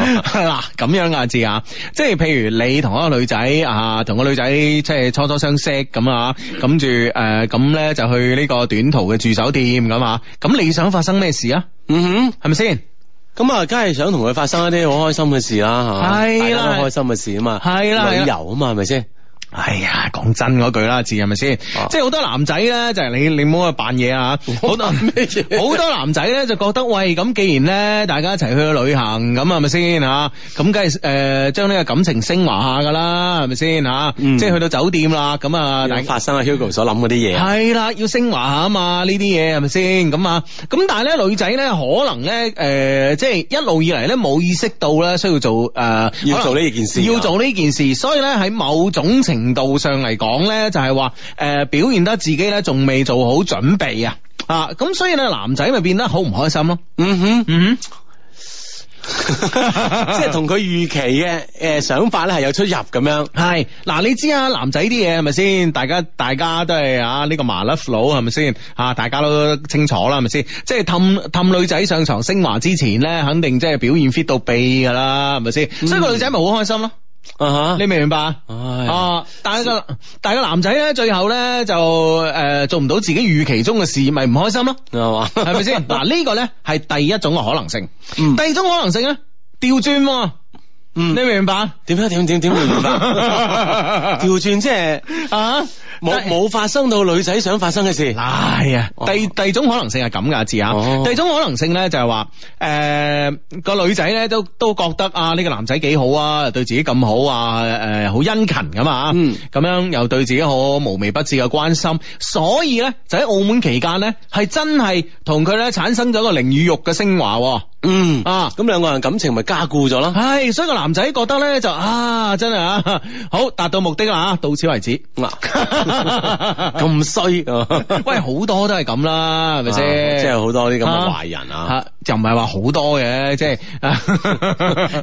嗱 咁樣嘅字啊，即係譬如你同一個女仔啊，同一個女仔即係初初相識咁啊，諗住誒咁咧就去呢個短途嘅住酒店咁啊，咁你想發生咩事啊？嗯哼，係咪先？咁啊，梗係想同佢發生一啲好開心嘅事啦，吓係啦，啊、開心嘅事啊，啊，啊嘛，係啦，旅遊啊嘛，係咪先？哎呀，講真嗰句啦，字係咪先？啊、即係好多男仔咧，就係、是、你你唔好去扮嘢啊！好多好多男仔咧就覺得喂，咁既然咧大家一齊去旅行咁係咪先吓？咁梗係誒，將、啊、呢、呃、個感情升華下噶啦，係咪先吓？即係去到酒店啦，咁啊，又、嗯、發生阿 Hugo 所諗嗰啲嘢。係啦，要升華下嘛？呢啲嘢係咪先？咁啊？咁但係咧，女仔咧可能咧誒、呃，即係一路以嚟咧冇意識到咧需要做誒，呃、要做呢件事，要做呢件事。啊、所以咧喺某種情。啊程度上嚟講咧，就係話誒，表現得自己咧，仲未做好準備啊！啊，咁所以咧，男仔咪變得好唔開心咯、啊嗯。嗯哼嗯，即係同佢預期嘅誒、呃、想法咧，係有出入咁樣。係嗱、 啊，你知啊，男仔啲嘢係咪先？大家大家都係啊，呢、呢個麻甩佬係咪先？啊，大家都清楚啦，係咪先？即係氹氹女仔上床升華之前咧，肯定即係表現 fit 到痹噶啦，係咪先？所以個女仔咪好開心咯、啊。啊吓、uh huh. 你明唔明白？唉、uh，啊、huh. 那個，是但係個但係個男仔咧，最後咧就誒做唔到自己預期中嘅事，咪唔開心咯，係嘛、uh？係咪先？嗱，呢個咧係第一種嘅可能性，mm. 第二種可能性咧調轉。嗯，你明唔明白？點樣？點點點會明白？調轉即係啊，冇冇發生到女仔想發生嘅事。嗱係啊，第第二種可能性係咁噶字啊。第二種可能性咧就係話，誒個女仔咧都都覺得啊呢個男仔幾好啊，對自己咁好啊，誒好殷勤噶嘛啊。嗯，咁樣又對自己好好無微不至嘅關心，所以咧就喺澳門期間咧係真係同佢咧產生咗個靈與慾嘅升華。嗯啊，咁兩個人感情咪加固咗咯。係，所以個男。男仔覺得咧就啊真係啊好達到目的啦，吓，到此為止。嗱，咁衰、啊， 啊、喂好多都係咁啦，係咪先？即係好多啲咁嘅壞人啊。啊啊就唔係話好多嘅，即係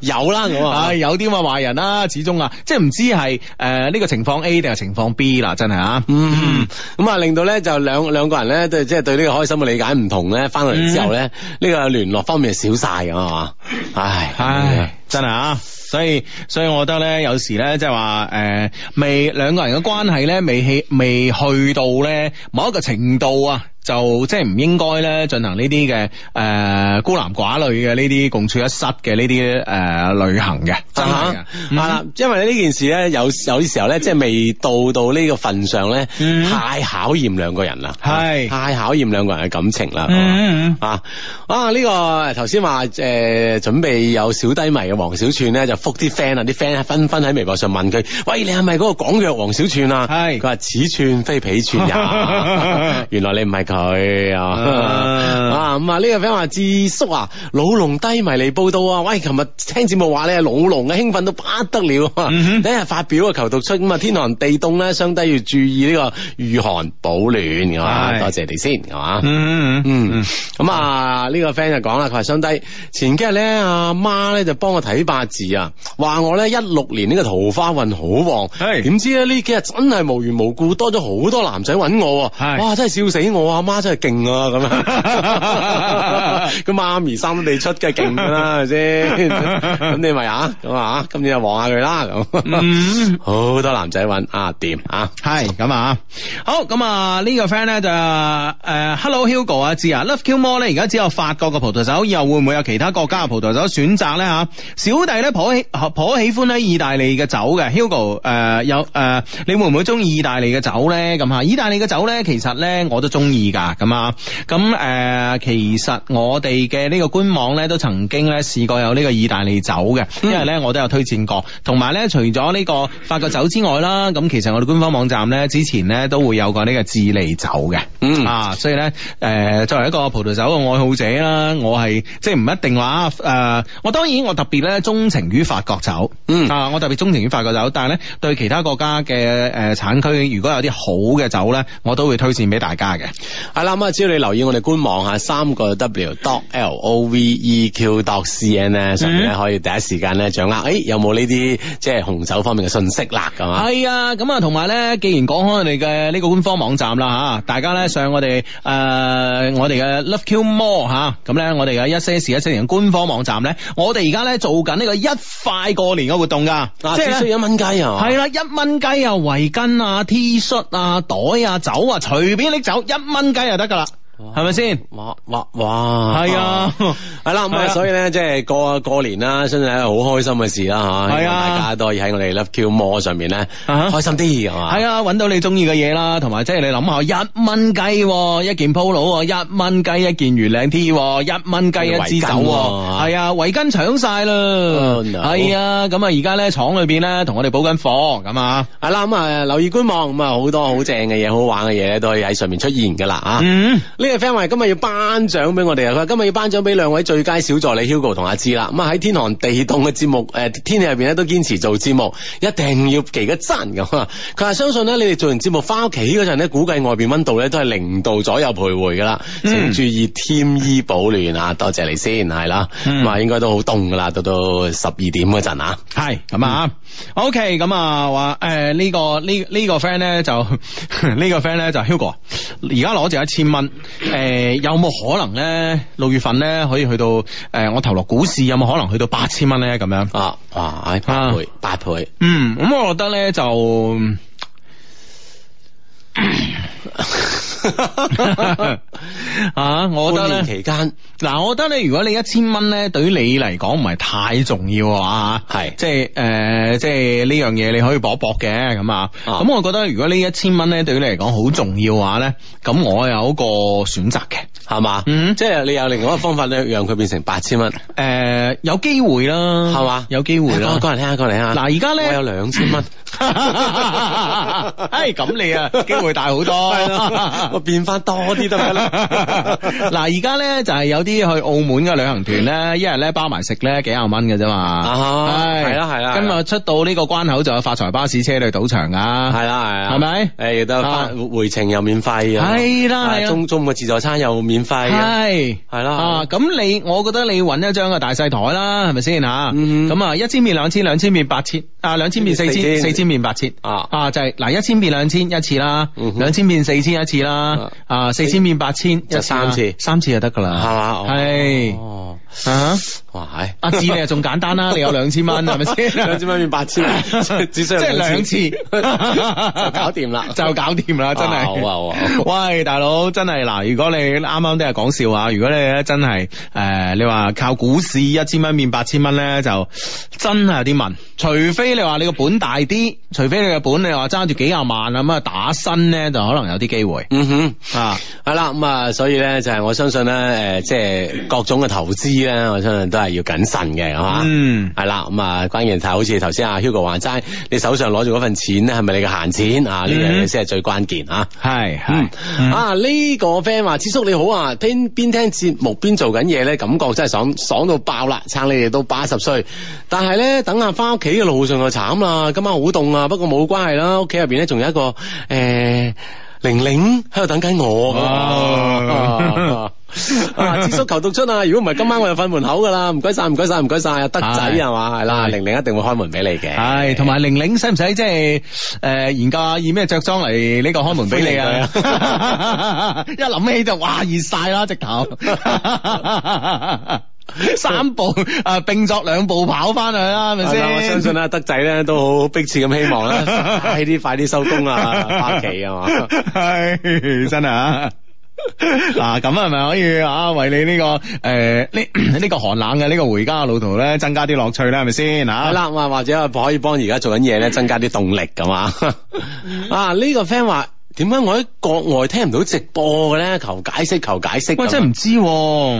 有啦咁啊，有啲嘛壞人啦，始終啊，即係唔知係誒呢個情況 A 定係情況 B 啦，真係啊，嗯，咁啊令到咧就兩兩個人咧都即係對呢個開心嘅理解唔同咧，翻到嚟之後咧呢個聯絡方面係少晒啊，係嘛，唉唉，真係啊。所以，所以我覺得咧，有時咧，即係話誒，未兩個人嘅關係咧，未起未去到咧某一個程度啊，就即係唔應該咧進行呢啲嘅誒孤男寡女嘅呢啲共處一室嘅呢啲誒旅行嘅，真係噶，係啦，啊，因為咧呢件事咧有有啲時候咧，即係未到到呢個份上咧，mm hmm. 太考驗兩個人啦，係，mm hmm. 太考驗兩個人嘅感情啦，mm hmm. 啊，啊啊呢，呢個頭先話誒準備有小低迷嘅黃小串咧就。福啲 friend 啊，啲 friend 紛紛喺微博上問佢，喂，你係咪嗰個廣藥王小串啊？係佢話此串非彼串啊，原來你唔係佢啊！啊，咁啊，呢個 friend 話智叔啊，老龍低迷嚟報道啊！喂，琴日聽節目話咧老龍嘅，興奮到不得了。嗯哼，今日發表啊求讀出，咁啊，天寒地凍咧，相低要注意呢個御寒保暖。啊，多謝你先，係嘛？嗯嗯嗯嗯，咁啊，呢個 friend 就講啦，佢話相低前幾日咧，阿媽咧就幫我睇八字啊。話我咧一六年呢個桃花運好旺，係點是知咧呢幾日真係無緣無故多咗好多男仔揾我，係是哇真係笑死我啊，媽真係勁啊咁啊，咁媽咪三地出梗係勁啦，係咪先？咁你咪啊咁啊，今年就旺下佢啦咁，好、啊 mm. 多男仔揾啊，掂啊，係咁 啊，好咁啊呢個 friend 咧就誒，Hello Hugo 阿智啊，Love Kill More 咧而家只有法國嘅葡萄酒，以後會唔會有其他國家嘅葡萄酒選擇咧吓？小弟咧抱起。啊啊啊啊啊啊頗喜歡咧意大利嘅酒嘅，Hugo 誒有誒，你會唔會中意意大利嘅酒咧？咁吓，意大利嘅酒咧，其實咧我都中意噶，咁啊，咁、呃、誒，其實我哋嘅呢個官網咧都曾經咧試過有呢個意大利酒嘅，因為咧我都有推薦過，同埋咧除咗呢個法國酒之外啦，咁其實我哋官方網站咧之前咧都會有個呢個智利酒嘅，嗯啊，所以咧誒、呃，作為一個葡萄酒嘅愛好者啦，我係即係唔一定話誒、呃，我當然我特別咧鍾情於。法國酒，嗯啊，我特別鍾情於法國酒，但係咧對其他國家嘅誒、呃、產區，如果有啲好嘅酒咧，我都會推薦俾大家嘅。啊、嗯，咁啊，只要你留意我哋官網吓，三個 W dot L O V E Q dot C N 咧，上面咧可以第一時間咧掌握，誒、哎，有冇呢啲即係紅酒方面嘅信息啦，咁、嗯、啊，係啊，咁啊，同埋咧，既然講開我哋嘅呢個官方網站啦吓，大家咧上我哋誒、呃、我哋嘅 Love Q Mall 吓、啊，咁咧我哋嘅一些事一些人官方網站咧，我哋而家咧做緊呢個一。快過年嘅活動噶，嗱、啊、是只需要一蚊雞啊，係啦，一蚊雞啊，圍巾啊，T 恤啊，shirt, 袋啊，酒啊，隨便拎走一蚊雞就得噶啦。係咪先？哇哇哇！係啊，係啦咁啊，所以咧，即係過過年啦，真係好開心嘅事啦吓。係啊，大家都可以喺我哋 Love Q 魔上面咧，啊、開心啲係嘛。係啊，揾到你中意嘅嘢啦，同埋即係你諗下，一蚊雞一件 Polo，一蚊雞一件圓領 T，一蚊雞一支酒，係啊，圍巾搶晒啦，係啊，咁、uh, no 啊，而家咧廠裏邊咧同我哋補緊貨咁啊，係啦，咁啊留意官網，咁啊，好、嗯、多好正嘅嘢，好玩嘅嘢都可以喺上面出現噶啦啊，嗯。呢個 friend 話：今日要頒獎俾我哋啊！佢話今日要頒獎俾兩位最佳小助理 Hugo 同阿志啦。咁啊喺天寒地凍嘅節目，誒、呃、天氣入邊咧都堅持做節目，一定要記得讚咁啊！佢話相信咧，你哋做完節目翻屋企嗰陣咧，估計外邊温度咧都係零度左右徘徊噶啦，請注意添衣保暖啊！多謝你先，係啦，咁啊、嗯、應該都好凍噶啦，到到十二點嗰陣啊，係咁啊、嗯、，OK，咁啊話誒、呃呢個呢個呢個、呢 個呢呢個 friend 咧就呢個 friend 咧就 Hugo 而家攞住一千蚊。誒、呃，有冇可能咧？六月份咧可以去到誒、呃，我投落股市有冇可能去到八千蚊咧？咁樣啊，哇，八倍、啊、八倍，嗯，咁我覺得咧就 啊，我覺得咧期間。嗱，我覺得咧，如果你一千蚊咧，對於你嚟講唔係太重要嘅話，係，即係，誒，即係呢樣嘢你可以搏搏嘅，咁啊，咁我覺得如果呢一千蚊咧，對於你嚟講好重要嘅話咧，咁我有個選擇嘅，係嘛，嗯，即係你有另外一個方法咧，讓佢變成八千蚊，誒，有機會啦，係嘛，有機會啦，過嚟聽下，過嚟聽下。嗱，而家咧，我有兩千蚊，誒，咁你啊，機會大好多，我變翻多啲得啦，嗱，而家咧就係有。啲去澳門嘅旅行團咧，一日咧包埋食咧，幾廿蚊嘅啫嘛。係啦係啦。今日出到呢個關口就有發財巴士車去賭場噶，係啦係係咪？誒，又回程又免費，係啦係中中嘅自助餐又免費，係係啦。咁你，我覺得你要搵一張嘅大細台啦，係咪先吓？咁啊，一千變兩千，兩千變八千，啊，兩千變四千，四千變八千，啊啊，就係嗱，一千變兩千一次啦，兩千變四千一次啦，啊，四千變八千就三次三次就得噶啦，係嘛？係。啊，哇阿志，你又仲簡單啦，你有兩 千蚊係咪先？兩千蚊變八千，只需要兩即係是兩次搞掂啦，就搞掂定啦，真係。哇哇、啊！啊啊啊、喂，大佬真係嗱，如果你啱啱都係講笑啊，如果你咧真係誒、呃，你話靠股市一千蚊變八千蚊咧，就真係有啲問。除非你話你個本大啲，除非你個本你話揸住幾廿萬咁啊打新咧，就可能有啲機會。嗯哼，啊、嗯，係啦咁啊，所以咧就係我相信咧誒，即係各種嘅投資。我相信都係要謹慎嘅，係嘛？嗯，係啦。咁啊，關鍵就好似頭先阿 Hugo 話齋，你手上攞住嗰份錢咧，係咪你嘅閒錢啊？呢樣嘢先係最關鍵啊。係係。啊，呢個 friend 話，師叔你好啊，邊邊聽邊聽節目邊做緊嘢咧，感覺真係爽爽到爆啦！撐你哋到八十歲，但係咧等下翻屋企嘅路上就慘啦。今晚好凍啊，不過冇關係啦，屋企入邊咧仲有一個誒、欸、玲玲喺度等緊我。哦哦哦哦哦啊！接縮球讀出啊！如果唔係今晚我就瞓門口噶啦，唔該晒，唔該晒，唔該晒，德仔係嘛係啦，玲玲一定會開門俾你嘅。係，同埋玲玲使唔使即係誒研究下以咩着裝嚟呢個開門俾你啊？一諗起就哇熱晒啦，直頭三步誒併作兩步跑翻去啦，咪先？我相信咧，德仔咧都好好逼切咁希望啦，快啲快啲收工啊，翻屋企係嘛，係真啊。嗱，咁係咪可以啊？為你呢、這個誒呢呢個寒冷嘅呢、這個回家嘅路途咧，增加啲樂趣咧，係咪先啊？係啦啊，或者可以幫而家做緊嘢咧，增加啲動力咁啊！ 啊呢、這個 friend 話：點解我喺國外聽唔到直播嘅咧？求解釋，求解釋。喂，真係唔知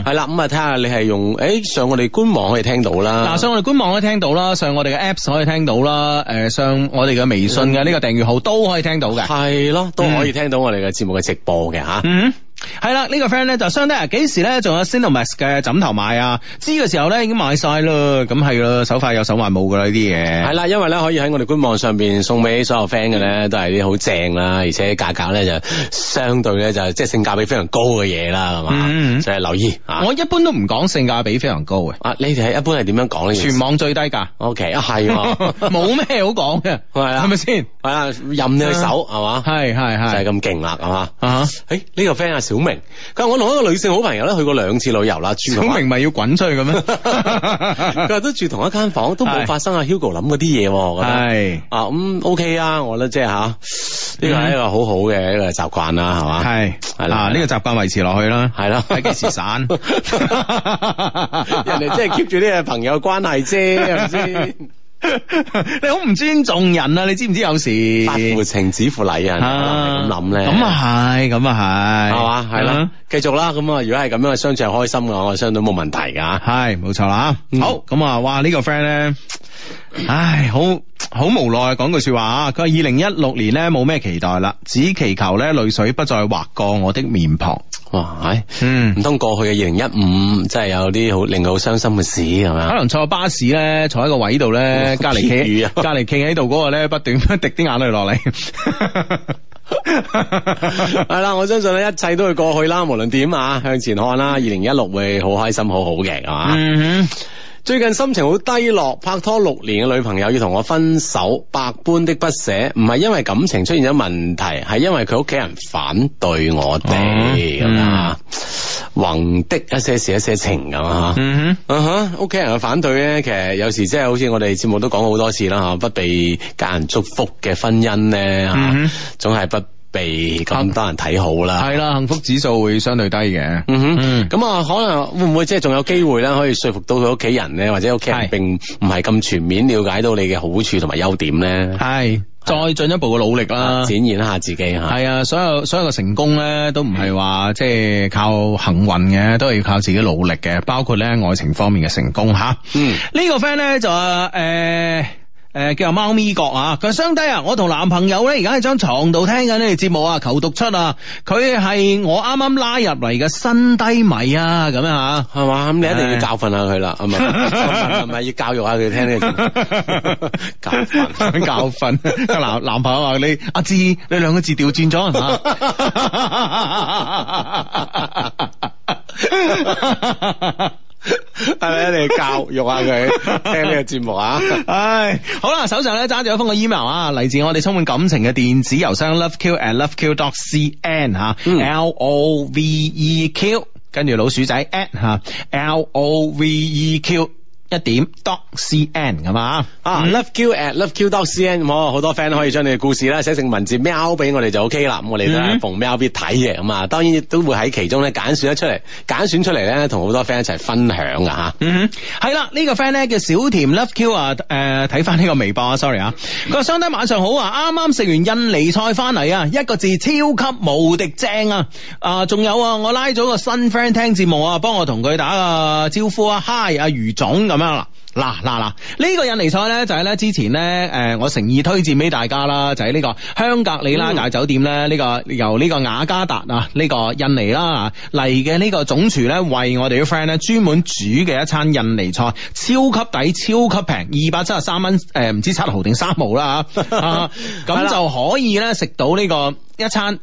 係啦。咁啊，睇下、啊嗯、你係用誒、欸、上我哋官網可以聽到啦。嗱、啊，上我哋官網可以聽到啦，上我哋嘅 apps 可以聽到啦。誒、呃，上我哋嘅微信嘅呢個訂閱號都可以聽到嘅。係咯、嗯，都可以聽到我哋嘅節目嘅直播嘅吓。嗯。 係啦，呢個 friend 咧就相對幾時咧，仲有 Sinomax 嘅枕頭賣啊？知嘅時候咧已經賣晒咯，咁係咯，手快有手慢冇噶啦呢啲嘢。係啦，因為咧可以喺我哋官網上邊送俾所有 friend 嘅咧，都係啲好正啦，而且價格咧就相對咧就即係性價比非常高嘅嘢啦，係嘛？嗯，就係留意啊。我一般都唔講性價比非常高嘅。啊，你哋係一般係點樣講咧？全網最低價。O K，係啊，冇咩好講嘅，係咪先？係啊，任你去搜係嘛？係係係就係咁勁啦，係嘛？啊，誒呢個 friend 啊。小明，佢話我同一個女性好朋友咧去過兩次旅遊啦，珠海。小明咪要滾出去咁咩？佢 話 都住同一間房，都冇發生阿 Hugo 諗嗰啲嘢喎。係啊，咁是、啊嗯、OK 啊，我覺得即係吓，呢個係一個好好嘅一個習慣啦，係嘛？係係啦，呢個習慣維持落去啦，係啦是的，睇幾時散。 人哋即係 keep 住啲朋友關係啫，係咪先？ 你好唔尊重人啊！你知唔知有時？發乎情止乎禮啊！咁諗咧，咁啊係，咁啊係，係、啊、嘛，係、啊、啦，繼、嗯、續啦。咁啊，如果係咁樣嘅相處，係開心嘅，我相對冇問題㗎。係，冇錯啦。嗯、好，咁啊，哇，這個、呢個 friend 咧，唉，好好無奈。講句話說話啊，佢話二零一六年咧冇咩期待啦，只祈求咧淚水不再劃過我的面龐。哇，係，唔通，過去嘅二零一五，真係有啲好令我好傷心嘅事，係咪啊？可能坐巴士咧，坐喺個位度咧，隔籬企，隔籬傾喺度嗰個咧，不斷一滴啲眼淚落嚟。係 啦， 我相信咧，一切都會過去啦，無論點啊，向前看啦，二零一六會好開心，好好嘅，係嘛？嗯哼。最近心情好低落，拍拖六年嘅女朋友要同我分手，百般的不捨，唔係因為感情出現咗問題，係因為佢屋企人反對我哋，咁、哦嗯、樣，橫的一些事一些情咁啊，嗯哼，屋企、啊、人嘅反對咧，其實有時即、就、係、是、好似我哋節目都講過好多次啦，吓，不被家人祝福嘅婚姻咧，吓、嗯哼啊，總係不。未咁、啊、多人睇好啦，係啦，幸福指數會相對低嘅。嗯哼，咁啊、嗯，可能會唔會即係仲有機會咧，可以說服到佢屋企人咧，或者屋企人並唔係咁全面了解到你嘅好處同埋優點咧。係的，的再進一步嘅努力啦、啊，展現一下自己吓。係啊，所有所有嘅成功咧，都唔係話即係靠幸運嘅，都係要靠自己努力嘅。包括咧愛情方面嘅成功吓。嗯，呢個 friend 咧就話，誒。呃誒，叫阿貓咪角啊！佢話雙低啊，我同男朋友咧而家喺張床度聽緊呢啲節目啊，求讀出啊！佢係我啱啱拉入嚟嘅新低迷啊，咁樣吓、啊，係嘛？咁、嗯、唉你一定要教訓下佢啦，係咪？係咪 要教育下佢聽呢？ 教訓教訓， 男男朋友話你阿志，你兩、啊、個字調轉咗啊！ 係咪，你教育下佢聽呢個節目啊！唉，好啦，手上咧揸住一封嘅 email 啊，嚟自我哋充滿感情嘅電子郵箱 loveq@loveq.cn 吓，L O V E Q，跟住老鼠仔@吓，L O V E Q。一點 dot cn 咁啊，loveq at loveq dot cn 咁、嗯、嗬，好多 friend 可以將你嘅故事咧寫成文字喵俾我哋就 OK 啦，咁我哋都逢喵必睇嘅，咁啊當然都會喺其中咧揀選咗出嚟，揀選出嚟咧同好多 friend 一齊分享噶吓，嗯，係啦，呢、啊嗯嗯嗯這個 friend 咧叫小甜 loveq 啊，誒睇翻呢個微博啊，sorry 啊，佢話兄弟晚上好啊，啱啱食完印尼菜翻嚟啊，一個字超級無敵正啊，啊、呃、仲有啊，我拉咗個新 friend 聽節目啊，幫我同佢打個招呼啊，hi 啊余總咁。明白了。嗱嗱嗱！呢、這個印尼菜咧就係咧之前咧誒，我誠意推薦俾大家啦，就喺、是、呢個香格里拉大酒店咧，呢、嗯這個由呢個雅加達啊，呢、這個印尼啦嚟嘅呢個總廚咧，為我哋嘅 friend 咧專門煮嘅一餐印尼菜，超級抵超級平，二百七十三蚊誒，唔知七毫定三毫啦嚇，咁、 啊、就可以咧食到呢個一餐誒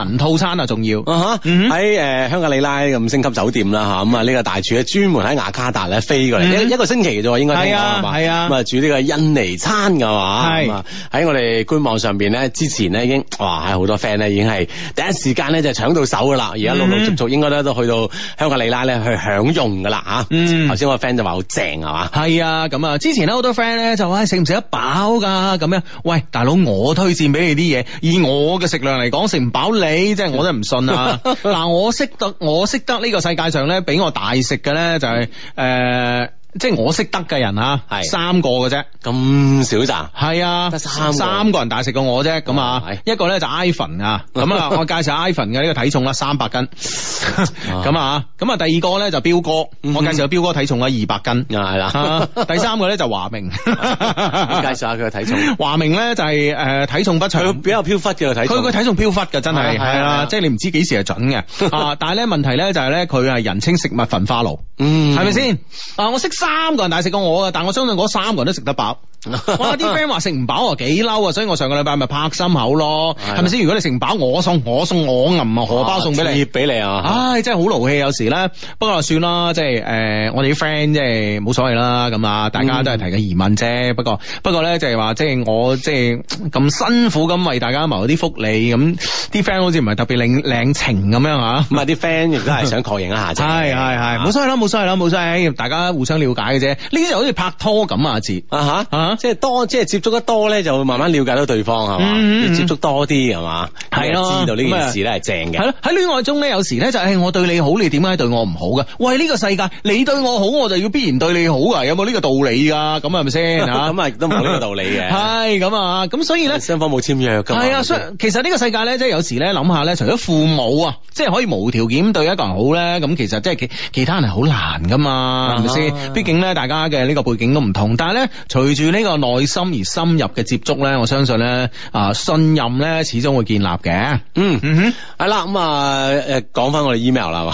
二人套餐啊哈，仲要喺誒香格里拉五星級酒店啦嚇，咁啊呢、這個大廚咧專門喺雅加達咧飛過嚟一、嗯、一個星期。就應該係啊，係吧啊，咁啊煮呢個印尼餐噶嘛，啊，喺、啊、我哋官網上邊咧，之前咧已經哇，係好多 friend 咧已經係第一時間咧就搶到手噶啦，而家陸陸續續應該都都去到香格里拉咧去享用噶啦吓。頭先、嗯、我個 friend 就話好正係嘛，係、嗯、啊，咁啊，之前咧好多 friend 咧就話食唔食得飽噶咁樣，喂大佬，我推薦俾你啲嘢，以我嘅食量嚟講食唔飽你，即係、嗯、我都唔信啊。嗱， 我識得我識得呢個世界上咧俾我大食嘅咧就係、是、誒。呃即係我識得嘅人啊，係三個嘅啫，咁少咋？係啊，得三個，三個人大食過我啫咁啊。一個咧就 Ivan 啊，咁啊。我介紹 Ivan 嘅呢個體重啦，三百斤。咁啊，咁啊，第二個咧就彪哥，我介紹彪哥體重啊，二百斤。啊，係啦。第三個咧就華明，介紹下佢嘅體重。華明咧就係誒體重不詳，比較飄忽嘅體重。佢個體重飄忽嘅真係，係啦，即係你唔知幾時係準嘅啊。但係咧問題咧就係咧，佢係人稱食物焚化爐，嗯，係咪先啊？我識。三個人大食過我㗎，但我相信嗰三個人都食得飽。 哇！啲 friend 話食唔飽啊，幾嬲啊！所以我上個禮拜咪拍心口咯，係咪先？如果你食唔飽，我送，我送，我，送我銀荷包、啊、送俾你，俾你啊！唉、哎，真係好勞氣，有時咧。不過就算啦，即係誒，我哋啲 friend 即係冇所謂啦。咁啊，大家都係提個疑問啫。不過不過咧，就係話即係我即係咁辛苦咁為大家謀啲福利，咁啲 friend 好似唔係特別領領情咁樣嚇。唔係啲 friend 亦都係想確認一下。係係係，冇所謂啦，冇所謂啦，冇所謂。大家互相了了解嘅啫，呢啲就好似拍拖咁啊。字啊吓吓，即係多即係接觸得多咧，就會慢慢了解到對方係嘛，嗯、吧接觸多啲係嘛，係咯。的知道呢件事咧係正嘅。係咯，喺戀愛中咧，有時咧就誒、係，我對你好，你點解對我唔好嘅？喂，呢、呢個世界你對我好，我就要必然對你好啊。有冇呢個道理噶？咁係咪先吓？咁啊，都冇呢個道理嘅。係咁啊，咁所以咧，雙方冇簽約噶。係啊，所以其實呢個世界咧，即係有時咧諗下咧，除咗父母啊，即係可以無條件對一個人好咧，咁其實即係其其他人係好難噶嘛，係咪先？啊畢竟咧，大家嘅呢個背景都唔同，但係咧，隨住呢個內心而深入嘅接觸咧，我相信咧啊，信任咧始終會建立嘅。嗯，嗯哼 嗯，係啦，咁啊，誒，講翻我哋 email 啦。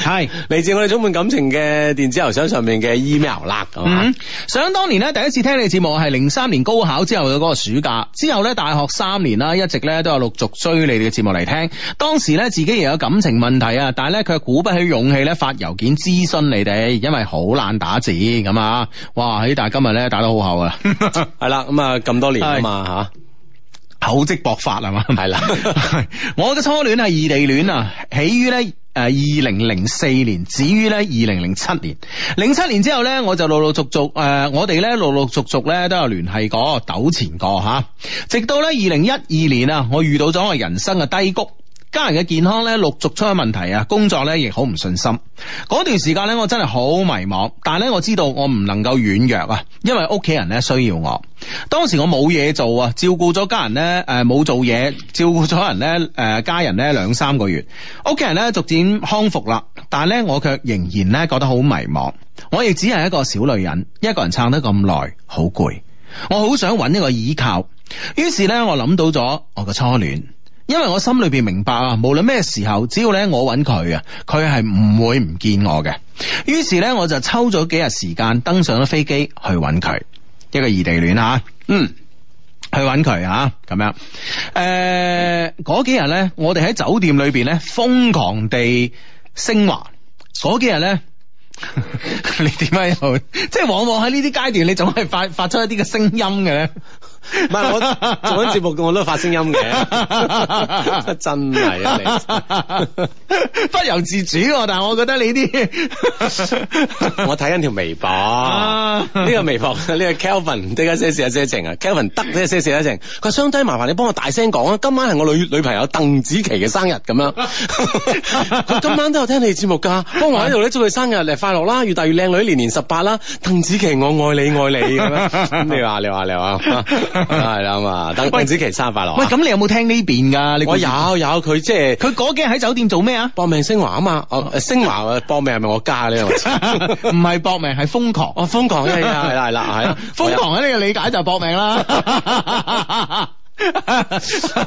係嚟是自我哋充滿感情嘅電子郵箱上面嘅 email 啦，係嘛，嗯？想當年咧，第一次聽你嘅節目係零三年高考之後嘅嗰個暑假之後咧，大學三年啦，一直咧都有陸續追你哋嘅節目嚟聽。當時咧自己又有感情問題啊，但係咧佢係鼓不起勇氣咧發郵件諮詢你哋，因為好難打字咁啊！哇，但係今日咧打得好厚啊！係啦， 嗯，咁啊咁多年啊嘛吓，厚積是薄發係嘛？係啦 是嗎， 我嘅初戀係異地戀啊，起於呢。誒，二零零四年至於咧二零零七年，零七年之後咧，我就陸陸續續誒、呃，我哋咧陸陸續續咧都有聯繫過，糾纏過吓，直到咧二零一二年啊，我遇到咗我人生嘅低谷。家人嘅健康咧陸續出咗問題啊，工作咧亦好唔順心。嗰段時間咧我真係好迷茫，但係咧我知道我唔能夠軟弱啊，因為屋企人咧需要我。當時我冇嘢做啊，照顧咗家人咧，誒、呃、冇做嘢照顧咗人咧，誒家人咧兩、呃、三個月，屋企人咧逐漸康復啦，但係咧我卻仍然咧覺得好迷茫。我亦只係一個小女人，一個人撐得咁耐，好攰。我好想揾一個依靠，於是咧我諗到咗我嘅初戀。因為我心裏邊明白啊，無論咩時候，只要咧我揾佢啊，佢係唔會唔見我嘅。於是咧，我就抽咗幾日時間登上咗飛機去揾佢，一個異地戀啊。嗯，去揾佢啊，咁樣。誒、呃，嗰幾日咧，我哋喺酒店裏邊咧瘋狂地升華。嗰幾日咧， 你點解去？即係往往喺呢啲階段，你總係發發出一啲嘅聲音嘅咧？唔係我做緊節目嘅，我都發聲音嘅， 真係、啊，你 不由自主。但係我覺得你啲， 我睇緊條微博，呢 個微博呢、呢個 Kelvin 得一些事一些情啊？Kelvin 得一些事一情！佢相當，麻煩你幫我大聲講啊！今晚係我女女朋友鄧紫棋嘅生日，咁樣。佢 今晚都有聽你節目噶，幫我喺度咧祝佢生日嚟快樂啦，越大越靚女，年年，年十八啦！鄧紫棋，我愛你愛你咁樣。咁你話你話你話。係啦嘛，等係鄧紫棋生日快樂。喂，咁你有冇聽呢邊噶？我有有，佢即係佢嗰幾日喺酒店做咩啊？搏命升華啊嘛，我升華搏命係咪我家呢個？唔係搏命，係瘋狂。哦，瘋狂係啦係啦係啦，瘋狂喺呢個理解就係搏命啦。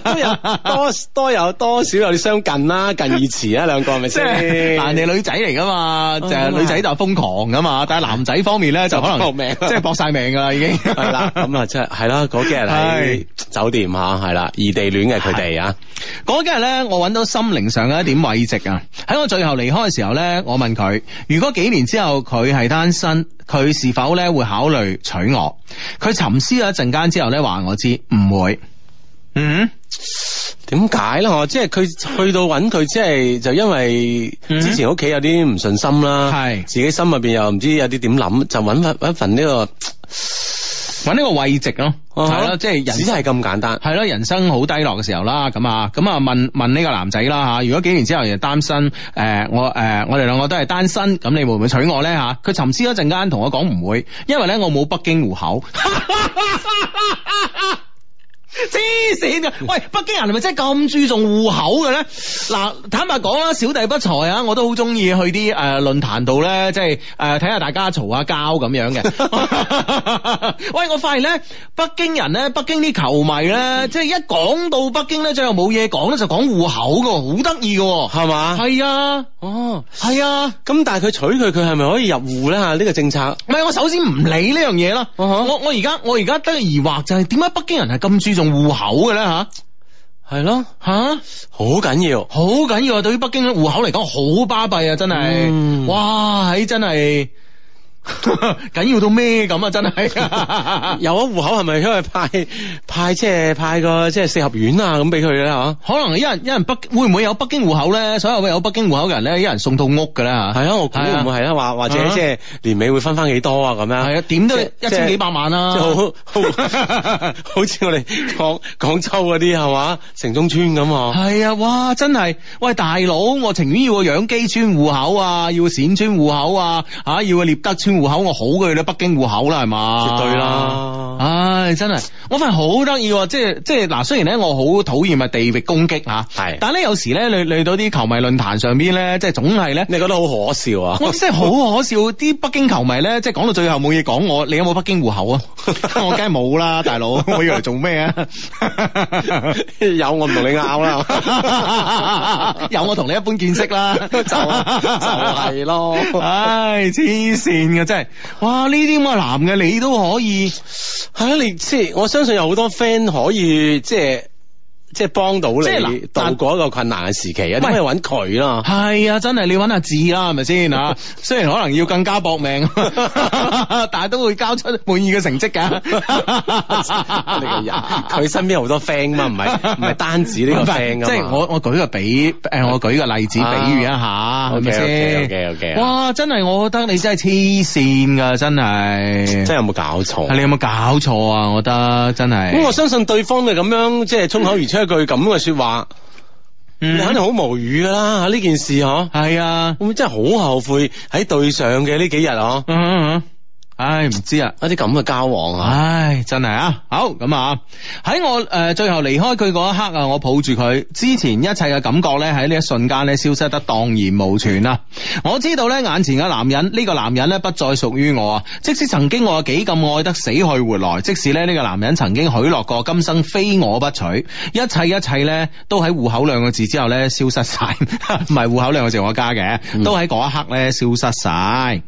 都有多，多有多多有多少有啲相近啦，近義詞啊，兩個係咪先？是男定女仔嚟噶嘛？就係、哦、女仔就係瘋狂噶嘛，嗯、但係男仔方面咧、嗯、就可能搏命，即係搏晒命噶啦，已經係啦。咁啊， 即係係啦，嗰幾日係酒店吓，係啦是，異地戀嘅佢哋啊。嗰幾日咧，我搵到心靈上嘅一點慰藉啊。喺我最後離開嘅時候咧，我問佢：如果幾年之後佢係單身？佢是否咧會考慮娶我？佢沉思咗一陣間之後咧話我知唔會。嗯，點解咧？我即係佢去到揾佢，即係就因為、嗯、之前屋企有啲唔順心啦，係是自己心入邊又唔知有啲點諗，就揾返一份呢、這個。揾呢個慰藉咯，係咯、哦，即係的人生係咁簡單，係咯，人生好低落嘅時候啦，咁啊，咁啊，問問呢個男仔啦吓，如果幾年之後又、呃呃、單身，誒，我誒，我哋兩個都係單身，咁你會唔會娶我咧吓？佢沉思咗陣間，同我講唔會，因為咧我冇北京戶口。 黐線噶！喂，北京人係咪真係咁注重戶口嘅咧？嗱，坦白講啦，小弟不才啊，我都好中意去啲誒論壇度咧，即係誒睇下大家嘈下交咁樣嘅。 喂，我發現咧，北京人咧，北京啲球迷咧，嗯、即係一講到北京咧，最後冇嘢講咧，就講戶口嘅，好得意嘅，係嘛吧？係啊，哦，係啊，咁但係佢娶佢，佢係咪可以入戶咧？吓，呢個政策，唔係我首先唔理呢樣嘢啦。我我而家我而家得疑惑就係點解北京人係咁注重？戶口嘅咧吓，係咯吓，好緊要，好緊要啊！對於北京嘅戶口嚟講，好巴閉啊！真係，嗯、哇，喺真係。緊 要到咩咁啊！真 係有個戶口係咪因為派派即係派，派個即係四合院啊咁俾佢咧吓？可能一人一人北會唔會有北京戶口咧？所有有北京戶口嘅人咧，一人送套屋噶啦吓。係啊，我估唔會係啊？或或者即係年尾會分翻幾多啊？咁樣係啊，點都一千幾百萬啊！好似我哋廣廣州嗰啲係嘛城中村咁啊。係啊，哇！真係喂大佬，我情願要個楊箕村戶口啊，要個冼村戶口啊，吓要個獵德村啊。戶口我好嘅啦，北京戶口啦係嘛？絕對啦！唉，真係我發現好得意，即係即係嗱。雖然咧我好討厭地域攻擊吓，係對，但係咧有時咧，你你到啲球迷論壇上邊咧，即係總係咧，你覺得好可笑啊！我真係好可笑，啲北京球迷咧，即係講到最後冇嘢講，我你有冇北京戶口啊？ 我梗係冇啦，大佬，我以為你做咩啊？ 有我唔同你拗啦， 有我同你一般見識啦， 就就係咯，唉 ương、哎，黐線嘅。真係，哇！呢啲咁嘅男嘅，你都可以，係啊！你即係我相信有好多 friend 可以即係。即係幫到你渡過一個困難嘅時期啊！點解你揾佢咯？係啊，真係你揾阿志啦、啊，係咪先嚇？ 雖然可能要更加搏命， 但係都會交出滿意嘅成績㗎。你嘅人，佢身邊好多 friend 嘛，唔係唔係單止呢個 friend。即係、就是、我我舉個比，誒、呃、我舉個例子比喻一下，係咪先？OK, okay, okay, okay, okay. 哇！真係我覺得你真係黐線㗎，真係。真係有冇搞錯？你有冇搞錯啊？我覺得真係。咁我相信對方就咁樣，即、就、係、是、衝口而出。一句咁嘅說話，你肯定好無語噶啦！吓，呢件事，嗬，嗯哼，係啊，會唔會真係好後悔喺對上嘅呢幾日嗬？嗯哼哼。唉，唔知啊，一啲咁嘅交往啊，唉，真係啊，好咁啊，喺我誒、呃、最後離開佢嗰一刻啊，我抱住佢之前一切嘅感覺呢，喺呢一瞬間咧，消失得蕩然無存啦、啊。我知道呢眼前嘅男人呢、這個男人呢，不再屬於我啊。即使曾經我有幾咁愛得死去活來，即使咧呢、這個男人曾經許諾過今生非我不娶，一切一切呢，都喺戶口兩個字之後呢消失晒。唔係戶口兩個字我，我加嘅，都喺嗰一刻呢消失晒，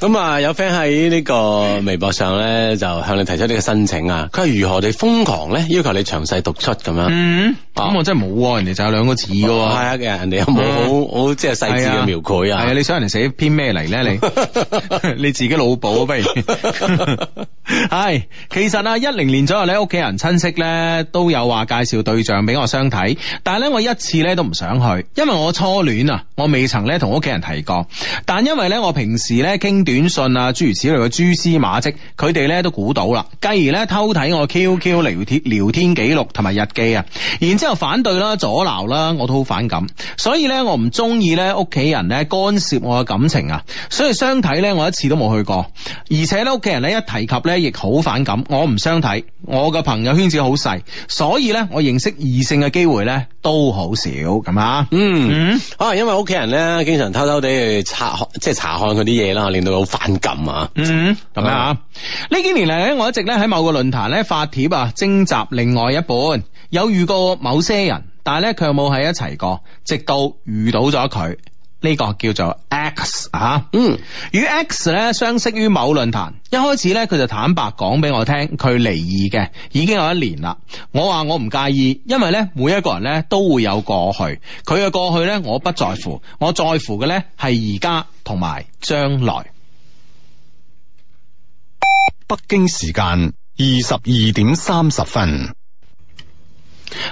咁啊，有 friend 喺呢個微博上咧，就向你提出呢個申請啊，佢係如何地瘋狂咧？要求你詳細讀出咁樣。嗯咁、啊、我真係冇喎，人哋就係兩個字嘅，係啊，人哋有冇好好即係細緻嘅描繪啊，係啊，你想人哋寫篇咩嚟咧？你 你自己老保啊，不如，係，其實啊，一零年左右咧，屋企人親戚咧都有話介紹對象俾我相睇，但係咧，我一次咧都唔想去，因為我初戀啊，我未曾咧同屋企人提過，但係因為咧我平時咧傾短信啊，諸如此類嘅蛛絲馬迹，佢哋咧都估到啦，繼而咧偷睇我 QQ 聊，聊，聊天聊天記錄同埋日記啊，然之後。反對啦，阻撓啦，我都好反感。所以呢，我唔中意呢屋企人呢干涉我嘅感情啊。所以相睇呢，我一次都冇去過。而且呢，屋企人呢一提及呢，亦好反感。我唔相睇，我嘅朋友圈子好細，所以呢，我認識異性嘅機會呢都好少。咁、嗯嗯、啊，嗯，可能因為屋企人呢，經常偷偷地去查，即、就、係、是、查看佢啲嘢啦，令到好反感啊。嗯，咁樣啊。呢幾、嗯嗯、年嚟呢，我一直呢，喺某個論壇呢發帖啊，徵集另外一半。有遇過某些人，但係咧佢又冇喺一齊過，直到遇到咗佢，呢個叫做 X 啊。嗯，與 X 咧相識於某論壇，一開始咧佢就坦白講俾我聽，佢離異嘅已經有一年啦。我話我唔介意，因為咧每一個人咧都會有過去，佢嘅過去咧我不在乎，我在乎嘅咧係而家同埋將來。北京時間二十二點三十分。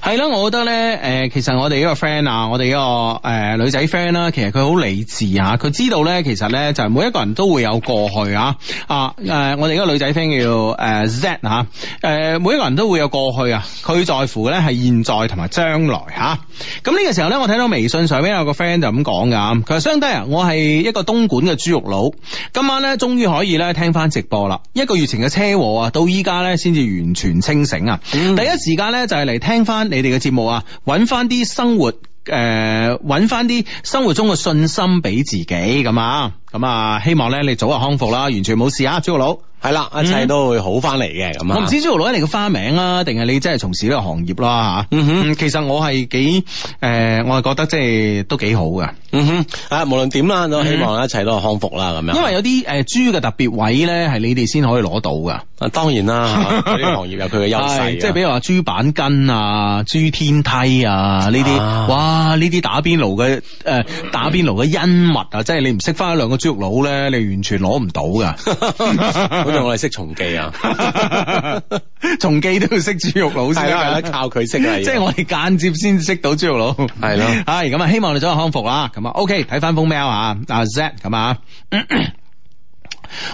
係啦，我覺得咧，誒、呃，其實我哋呢個 friend 啊，我哋呢個誒、呃、女仔 friend 啦，其實佢好理智啊，佢知道咧，其實咧就係、是、每一個人都會有過去啊，啊，誒、呃，我哋呢個女仔 friend 叫誒、呃、Z 吓，誒，每一個人都會有過去啊，佢在乎嘅咧係現在同埋將來吓、啊，咁呢個時候咧，我睇到微信上邊有個 friend 就咁講噶，佢話兄弟啊，低我係一個東莞嘅豬肉佬，今晚咧終於可以咧聽翻直播啦，一個月前嘅車禍啊，到依家咧先至完全清醒啊，嗯、第一時間咧就係、是、嚟聽。翻你哋嘅節目啊，搵翻啲生活，誒、呃，搵翻啲生活中嘅信心俾自己咁啊，咁啊，希望咧你早日康復啦，完全冇事啊，朱老。係啦，一切都會好翻嚟嘅咁啊！嗯、樣我唔知豬肉佬係個花名啊，定係你真係從事呢個行業啦、啊、吓？嗯哼，其實我係幾誒、呃，我係覺得即、就、係、是、都幾好噶。嗯哼，啊，無論點啦，都希望、嗯、一切都康復啦咁樣。因為有啲誒豬嘅特別位咧，係你哋先可以攞到噶。啊，當然啦，呢個、 啊、行業有佢嘅優勢。即係比如話豬板筋啊、豬天梯啊呢啲，啊、哇！呢啲打邊爐嘅誒，打邊爐嘅恩物啊， 即係你唔識翻一兩個豬肉佬咧，你完全攞唔到噶。 好似、嗯、我哋識從記啊，從 記 都要識豬肉佬先，係啦、 啊，靠佢識啊。 即係我哋間接先識到豬肉佬，係咯、 啊，係咁 啊，希望你早日康復啦，咁啊，OK，睇翻封 mail 啊，阿 Z 咁啊。嗯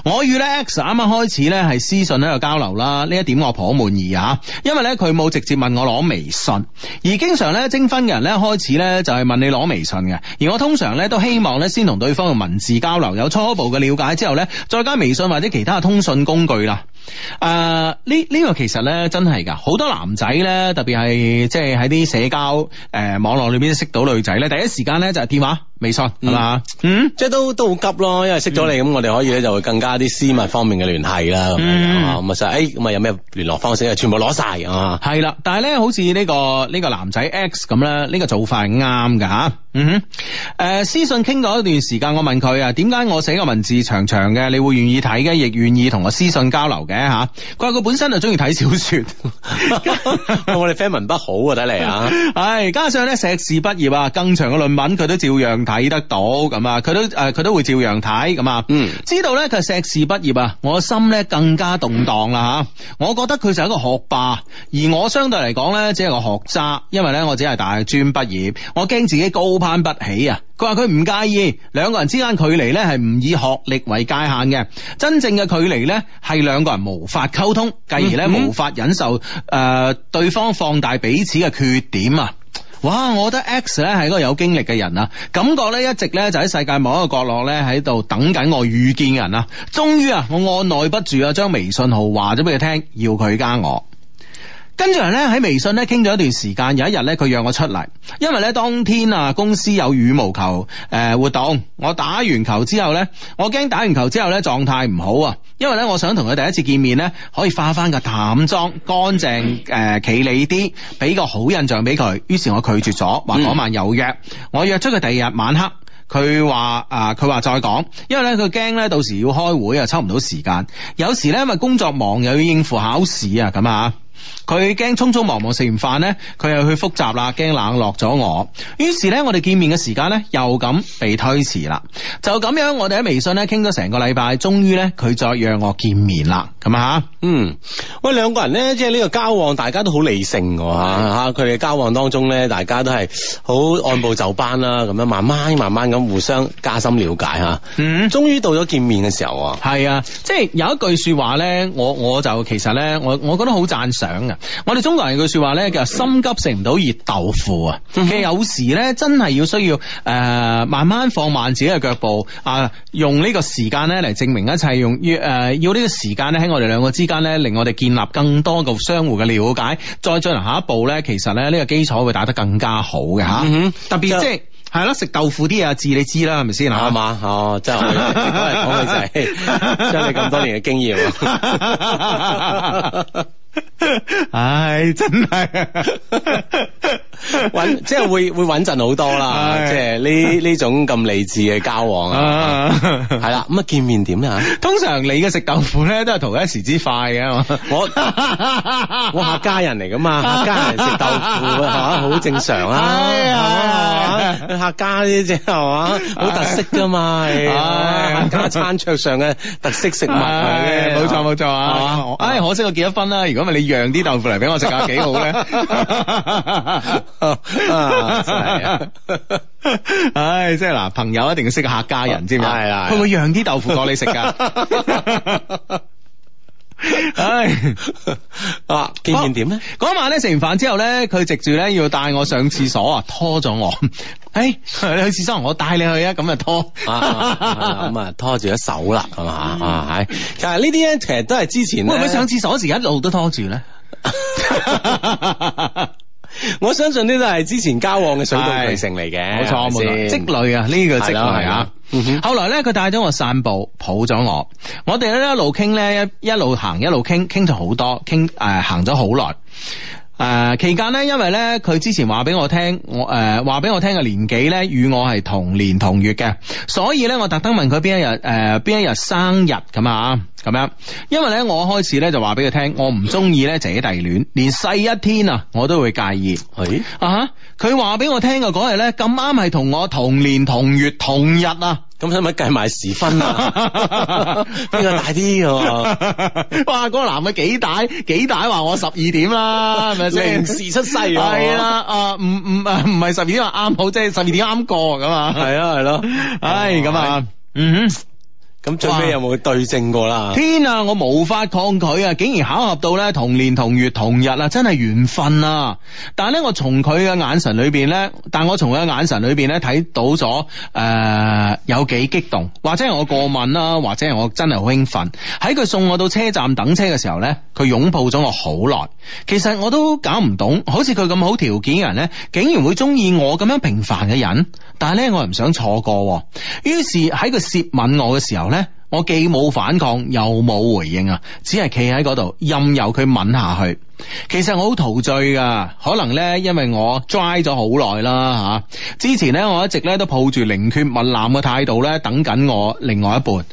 我與咧 X 啱啱開始咧係私信喺度交流啦，呢一點我頗滿意啊，因為咧佢冇直接問我攞微信，而經常咧徵婚嘅人咧開始咧就係問你攞微信嘅，而我通常咧都希望咧先同對方用文字交流，有初步嘅了解之後咧，再加微信或者其他嘅通訊工具啦。誒，呢呢個其實咧真係噶，好多男仔咧特別係即係喺啲社交誒網絡裏邊識到女仔咧，第一時間咧就係電話。冇錯，係嘛？嗯，即係都都好急咯，因為識咗你咁，我哋可以咧就會更加啲私密方面嘅聯繫啦，咁啊咁啊，誒咁啊有咩聯絡方式啊，全部攞晒啊，係啦。但係咧好似呢個呢個男仔 X 咁啦，呢個做法係啱噶吓，嗯哼，誒私信傾咗一段時間，我問佢啊，點解我寫個文字長長嘅，你會願意睇嘅，亦願意同我私信交流嘅吓？佢話佢本身就中意睇小說，我哋 family 緋聞不好啊，睇嚟啊，係加上咧碩士畢業啊，更長嘅論文佢都照樣。睇得到咁啊，佢都，誒，佢都會照樣睇咁啊。嗯，知道咧佢係碩士畢業啊，我心咧更加動盪啦吓。我覺得佢就係一個學霸，而我相對嚟講呢只係個學渣，因為呢我只係大專畢業，我驚自己高攀不起啊。佢話佢唔介意，兩個人之間距離咧係唔以學歷為界限嘅，真正嘅距離咧係兩個人無法溝通，繼而咧無法忍受誒對方放大彼此嘅缺點啊。哇，我覺得 X 咧係一個有經歷嘅人啊，感覺咧一直咧就喺世界某一個角落咧喺度等緊我遇見嘅人啊，終於啊，我按捺不住啊，將微信號話咗俾佢聽，要佢加我。跟住咧，喺微信咧傾咗一段時間。有一日咧，佢約我出嚟，因為咧當天啊，公司有羽毛球誒、呃、活動。我打完球之後呢，我驚打完球之後咧狀態唔好啊。因為咧，我想同佢第一次見面呢，可以化返個淡妝，乾淨誒、呃，企理啲，俾個好印象俾佢。於是我拒絕咗，話嗰晚有約，我約出佢第二日晚黑。佢話啊，佢、呃、話再講，因為咧佢驚咧到時要開會啊，抽唔到時間。有時咧，因為工作忙，又要應付考試啊，咁啊。佢驚匆匆忙忙食完飯呢，佢又去復習啦，驚冷落咗我。於是呢，我哋見面嘅時間呢，又咁被推遲啦。就咁樣，我哋喺微信呢傾咗成個禮拜，終於呢，佢再約我見面啦。咁啊吓，嗯，喂，兩個人呢，即係呢個交往，大、啊交往，大家都好理性嘅吓，佢哋交往當中呢，大家都係好按部就班啦，咁、嗯、樣慢慢慢慢咁互相加深了解吓。啊、嗯，終於到咗見面嘅時候啊，係啊，即係有一句說話呢，我我就其實呢，我我覺得好讚樣嘅，我哋中國人有句說話咧，叫做心急食唔到熱豆腐啊。其實有時咧，真係要需要誒、呃，慢慢放慢自己嘅腳步啊、呃，用呢個時間咧嚟證明一切用，用、呃、誒要呢個時間咧喺我哋兩個之間咧，令我哋建立更多嘅相互嘅了解，再進行下一步咧，其實咧呢個基礎會打得更加好嘅吓。特別即係係啦，食就、就是、豆腐啲字你知啦，係咪先啊？啊嘛、嗯，哦，真係好女，即係你咁多年嘅經驗。唉、 哎，真係穩、啊， 即係會會穩陣好多啦。哎、呀 即係呢呢種咁理智嘅交往啊，係啦、哎呀。咁啊見面點咧？通常你嘅食豆腐咧都係圖一時之快嘅我 我客家人嚟噶嘛，客家人，家人食豆腐 啊，吓好正常啊。哎呀 哎呀客家啲嘢係嘛，好特色㗎嘛，客家餐桌上嘅特色食物，冇錯冇錯啊！唉，可惜我結咗婚啦，如果唔係你讓啲豆腐嚟俾我食下幾好咧！唉，即係嗱，朋友一定要識個客家人知先，係啊，佢會讓啲豆腐過你食㗎。唉， 啊，見面點咧？嗰、啊那個、晚咧食完飯之後咧，佢借住咧要帶我上廁所啊，拖咗我。哎，你去廁所我帶你去就啊，咁啊拖，咁啊拖住一手啦，係嘛啊？係就係呢啲咧，其實都係之前會唔會上廁所時而一路都拖住咧。 我相信呢都係之前交往嘅水到渠成嚟嘅，冇錯冇錯，積累啊呢個積累啊，這個、累啊後來咧佢帶咗我散步，抱咗我，我哋咧一路傾咧一一路行一路傾，傾咗好多，傾誒、呃、行咗好耐。誒、呃，期間呢，因為呢，佢之前話俾我聽，我誒話俾我聽嘅年紀呢，與我係同年同月嘅，所以呢，我特登問佢邊一日，誒、呃、邊一日生日咁啊，咁樣、啊，因為呢，我開始呢，就話俾佢聽，我唔中意呢姐弟戀，連細一天啊，我都會介意。係是啊，佢話俾我聽嘅嗰日呢咁啱係同我同年同月同日啊。咁使唔可以計埋時分啊？邊個大啲？哇！嗰個男嘅幾大？幾大？話我十二點啦，係咪先？時出世係啊，啊，唔唔唔係十二點，啱好即係十二點啱過咁啊！係啊，係咯，唉，咁啊，嗯哼。咁最尾有冇對證過啦？天啊，我無法抗拒啊！竟然巧合到咧同年同月同日啊，真係緣分啊！但係咧，我從佢嘅眼神裏邊咧，但我從佢嘅眼神裏邊咧睇到咗誒、呃，有幾激動，或者係我過敏啦，或者係我真係好興奮。喺佢送我到車站等車嘅時候咧，佢擁抱咗我好耐。其實我都搞唔懂，好似佢咁好條件嘅人咧，竟然會中意我咁樣平凡嘅人。但係咧，我又唔想錯過，於是喺佢舌吻我嘅時候咧。我既冇反抗又冇回應啊，只係企喺嗰度任由佢吻下去。其實我好陶醉㗎，可能呢，因為我 dry 咗好耐啦吓、啊。之前呢，我一直呢都抱住寧缺勿濫嘅態度呢，等緊我另外一半。呢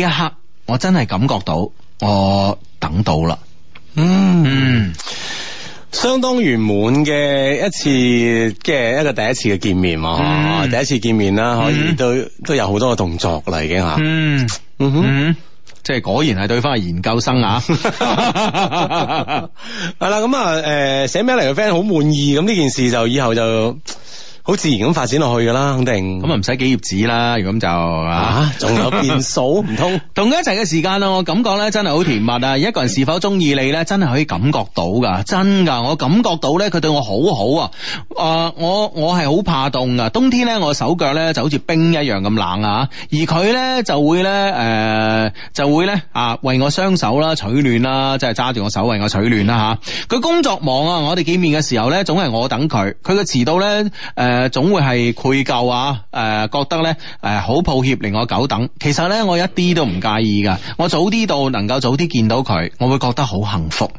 一刻我真係感覺到我等到啦。嗯。嗯。相當圓滿嘅一次嘅一個第一次嘅見面，嗯啊，第一次見面啦，可以都，嗯，都有好多嘅動作啦，已經吓，嗯，嘖嗯即係果然係對翻個研究生啊，係啦，咁啊，誒，寫名嚟嘅, friend 好滿意，咁呢件事就以後就。好自然咁發展落去噶啦，肯定咁啊，唔使幾頁紙啦。如果咁就啊，仲有變數？唔通同佢一齊嘅時間啊，我感覺咧真係好甜蜜啊！ 一個人是否中意你咧，真係可以感覺到噶，真噶，我感覺到咧，佢對我好好啊、呃。我我係好怕凍噶，冬天咧我手腳咧就好似冰一樣咁冷啊。而佢咧就會咧誒、呃，就會咧啊為我雙手啦取暖啦，即係揸住我手為我取暖啦吓。佢、啊、工作忙啊，我哋見面嘅時候咧總係我等佢，佢嘅遲到咧誒。呃誒，總會係愧疚啊！誒、呃，覺得咧，誒、呃，好抱歉令我久等。其實咧，我一啲都唔介意噶。我早啲到，能夠早啲見到佢，我會覺得好幸福。